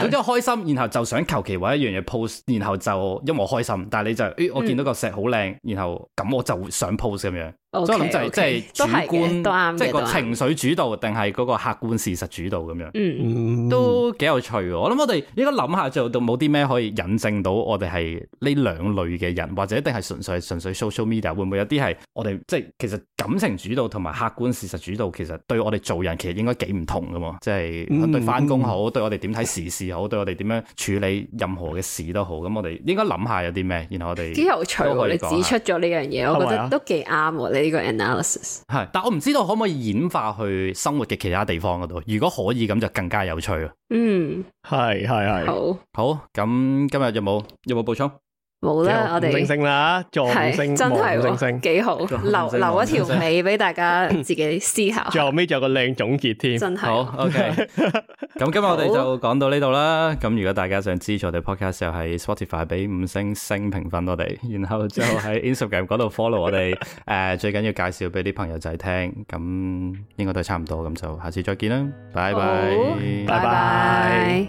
總之我開心，然後就想求其揾一樣嘢 post 然後就因為我開心。但係你就誒、哎，我見到個石好靚，嗯、然後咁我就會想 post 咁樣。我諗就係即係主觀，即係個情緒主導，定係嗰個客觀事實主導咁樣。都幾有趣。我諗我哋應該諗下，就到冇啲咩可以引證到我哋係呢兩類嘅人，或者一定係純粹純粹 social media 會唔會有啲係我哋即係其實感情主導同埋客觀事實主導，其實對我哋做人其實應該幾唔同噶即係對翻工好，對我哋點睇時事好，對我哋點樣處理任何嘅事都好。咁我哋應該諗下有啲咩。然後我哋，都幾有趣。你指出咗呢樣嘢，我覺得都幾啱我呢個 analysis 係，但我唔知道可唔可以演化去生活嘅其他地方嗰度。如果可以咁，就更加有趣咯。嗯，係係係，好，好，咁今日有冇有冇補充？冇啦，我哋五星星啦，做五星，五星星，幾好，留留一條尾俾大家自己思考。最後尾仲有個靚總結添，真係。好，OK，咁今日我哋就講到呢度啦。咁如果大家想支持我哋 Podcast，就係 Spotify 俾五星星評分我哋，然後之後喺 Instagram 嗰度 follow 我哋。誒，最緊要介紹俾啲朋友仔聽。咁應該都係差唔多。咁就下次再見啦，拜拜，拜拜。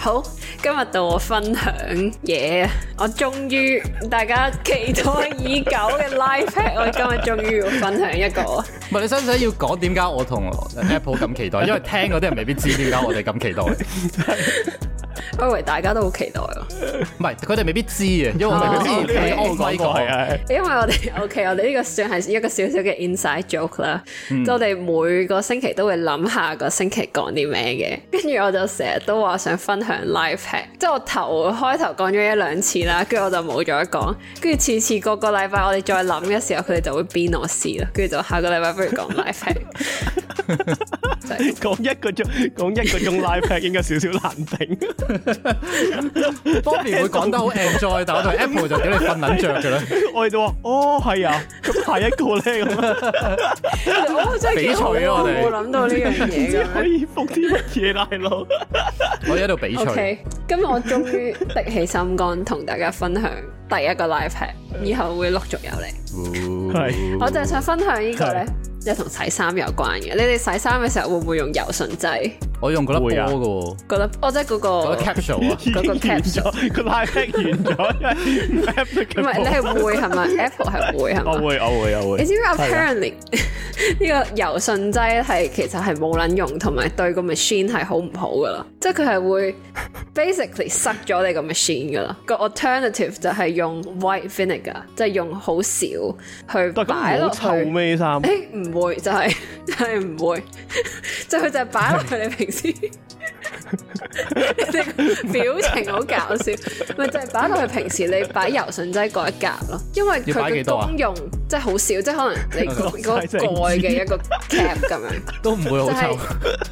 好，今日到我分享嘢，我終於，大家期待已久嘅 life hack，我哋今日終於要分享一個。唔係，你想唔想要講點解我同 Apple 咁期待？因為聽嗰啲人未必知點解我哋咁期待。 我以為大家都好期待咯、啊，唔係佢哋未必知啊，因為我哋之前開過呢個係啊，因為我哋 OK，我哋呢個算係一個少少嘅 inside joke 啦。嗯，就我哋每個星期都會諗下個星期講啲咩嘅，跟住我就成日都話想分享 life hack，即係我頭開頭講咗一兩次啦，跟住我就冇咗一講，跟住次次個個禮拜我哋再諗嘅時候，佢哋 就會編我試啦，跟住就下個禮拜不如講 life hack，講、 就是、一個鐘，講一個鐘 life hack 應該少少難頂。 Bobby 會講得好 enjoy，但係 Apple 就俾你瞓緊着噶啦。我哋都話哦係啊，咁下一個咧咁，我真啊？我哋冇諗到呢樣嘢，可以封啲乜嘢奶酪？ okay，我哋喺度比賽。今日我終於滴起心肝同大家分享第一個 life hack，以後會陸續有嚟。係，Ooh, 我就係想分享個呢個咧。 即係同洗衫有關嘅，你哋洗衫嘅時候會唔會用柔順劑？我用嗰粒波嘅，嗰粒、啊，我即係嗰個。嗰粒 capsule，嗰個 capsule，拉黑完咗。唔係， 你係會係咪？Apple 係會係。 我會，我會，我會。你知唔知？Apparently 呢的 個柔順劑係其實係冇撚用，同埋對個 machine 係好唔好噶啦？即係佢係會 basically 塞咗你 個 machine 噶啦。個 alternative 就係用 white vinegar，即係用好少去擺落去臭味衫。欸唔會，就係，就係唔會，就佢就係擺落去你平時，你表情好搞笑，咪就係擺落去平時你擺柔順劑嗰一格咯，因為佢嘅功用即係好少，即係可能你個個蓋嘅一個 cap 咁樣，都唔會好臭，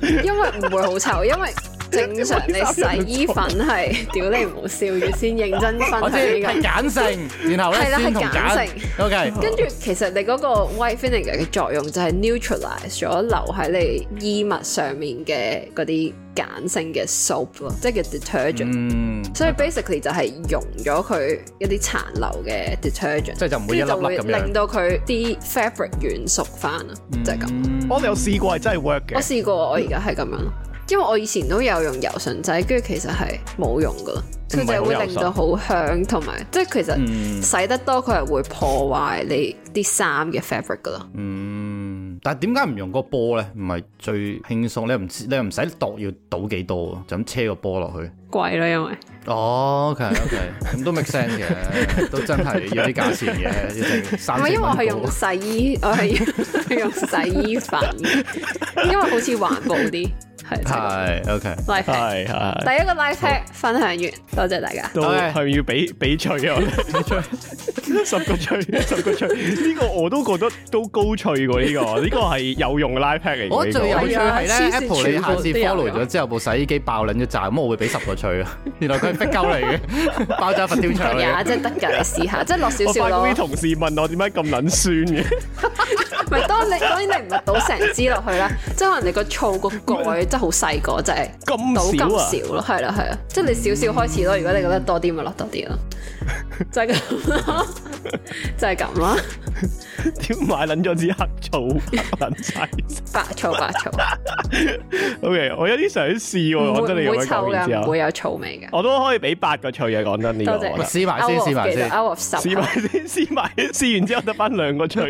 因為唔會好臭，因為正常你洗衣粉係屌你唔好笑，要先認真分析，係鹼性，然後咧酸同鹼性，OK，跟住其實你嗰個 white vinegar 嘅作用。就係 neutralize 咗留喺你衣物上面嘅嗰啲鹼性嘅 soap 咯，即係叫 detergent。Hmm. 所以 basically 就係溶咗佢一啲殘留嘅 detergent，即係就唔會一粒粒咁樣，就會令到佢啲 fabric 軟熟翻啊！Mm hmm. 就係咁。我哋有試過係真係 work 嘅。Hmm. 我試過，我而家係咁樣。Mm hmm. 因為我以前都有用柔順劑，跟住其實係冇用噶，佢就會令到好香，同埋即係其實洗得多佢係、嗯、會破壞你啲衫嘅 fabric 噶咯。嗯，但係點解唔用個波咧？唔係最輕鬆？你又唔你又唔使度要倒幾多就咁車個波落去貴咯，因為哦、oh,，OK OK，咁都 make sense 嘅， 都真係 要啲價錢嘅，一成三。唔係因為我係用洗衣，我係用洗衣粉， 因為好似環保啲。係，OK。係係，第一個 life hack 分享完，多謝大家。都係要俾俾趣啊，十個趣，十個趣，呢個我都覺得都高趣過呢個，呢個係有用嘅 life hack 嚟嘅。我最有趣係咧，Apple 你下次 follow 咗之後部洗衣機爆捻一炸，咁我會俾十個趣啊！原來佢係逼鳩嚟嘅，爆炸佛跳牆。即係得噶，你試下，即係落少少咯。啲同事問我點解咁捻酸嘅。唔係， 當你當然你唔係倒成支落去啦， 即係可能你個醋個蓋真係好細個，即係倒咁少咯，係啦係啊，即係你少少開始咯，嗯、如果你覺得多啲咪落多啲咯。就係咁，就係咁啦。點買捻咗支黑醋？捻曬白醋，白醋。OK，我有啲想試喎，講真，你臭完之後會有醋味嘅。我都可以俾八個醋嘅，講真呢個。試埋先，試埋先，試埋先，試埋。試完之後得翻兩個醋。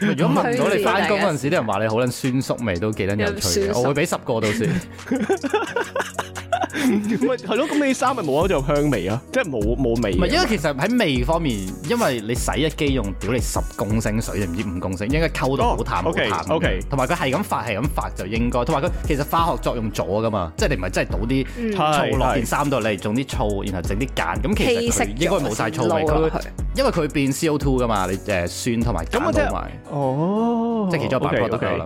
如果聞到你翻工嗰陣時，啲人話你好捻酸縮味，都幾得有趣嘅。我會俾十個到先。咪係咯，咁你啲衫咪冇咗種香味啊，即係冇冇味。唔係因為其實喺味方面，因為你洗一機用屌你十公升水定唔知五公升，應該溝到好淡好淡。O K O K，同埋佢係咁發係咁發就應該，同埋佢其實化學作用咗噶嘛，即係你唔係真係倒啲醋落件衫度嚟，種啲醋然後整啲鹼，咁其實應該冇晒醋味。因為佢變 C O two 噶嘛，你誒酸同埋鹼埋。哦，即係其中八部分都係。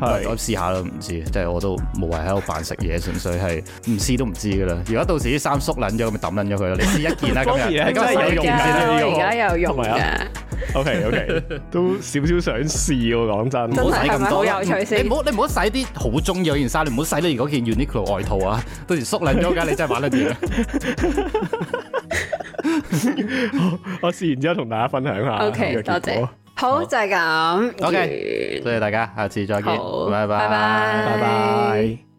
我試下咯，唔知，即係我都無謂喺度扮食嘢，純粹係唔試都唔知噶啦。如果到時啲衫縮捻咗，咪抌捻咗佢咯。你試一件啦，今日真係有用先呢個，而家有用嘅。O K O K，都少少想試喎，講真。真係唔好又除死，你唔好你唔好洗啲好中意嗰件衫，你唔好洗你而家件 Uniqlo 外套啊。到時縮捻咗架，你真係玩得掂。我試完之後同大家分享下。O K，多謝。好，就係、是、咁。OK，多謝大家，下次再見。拜拜，好，拜拜。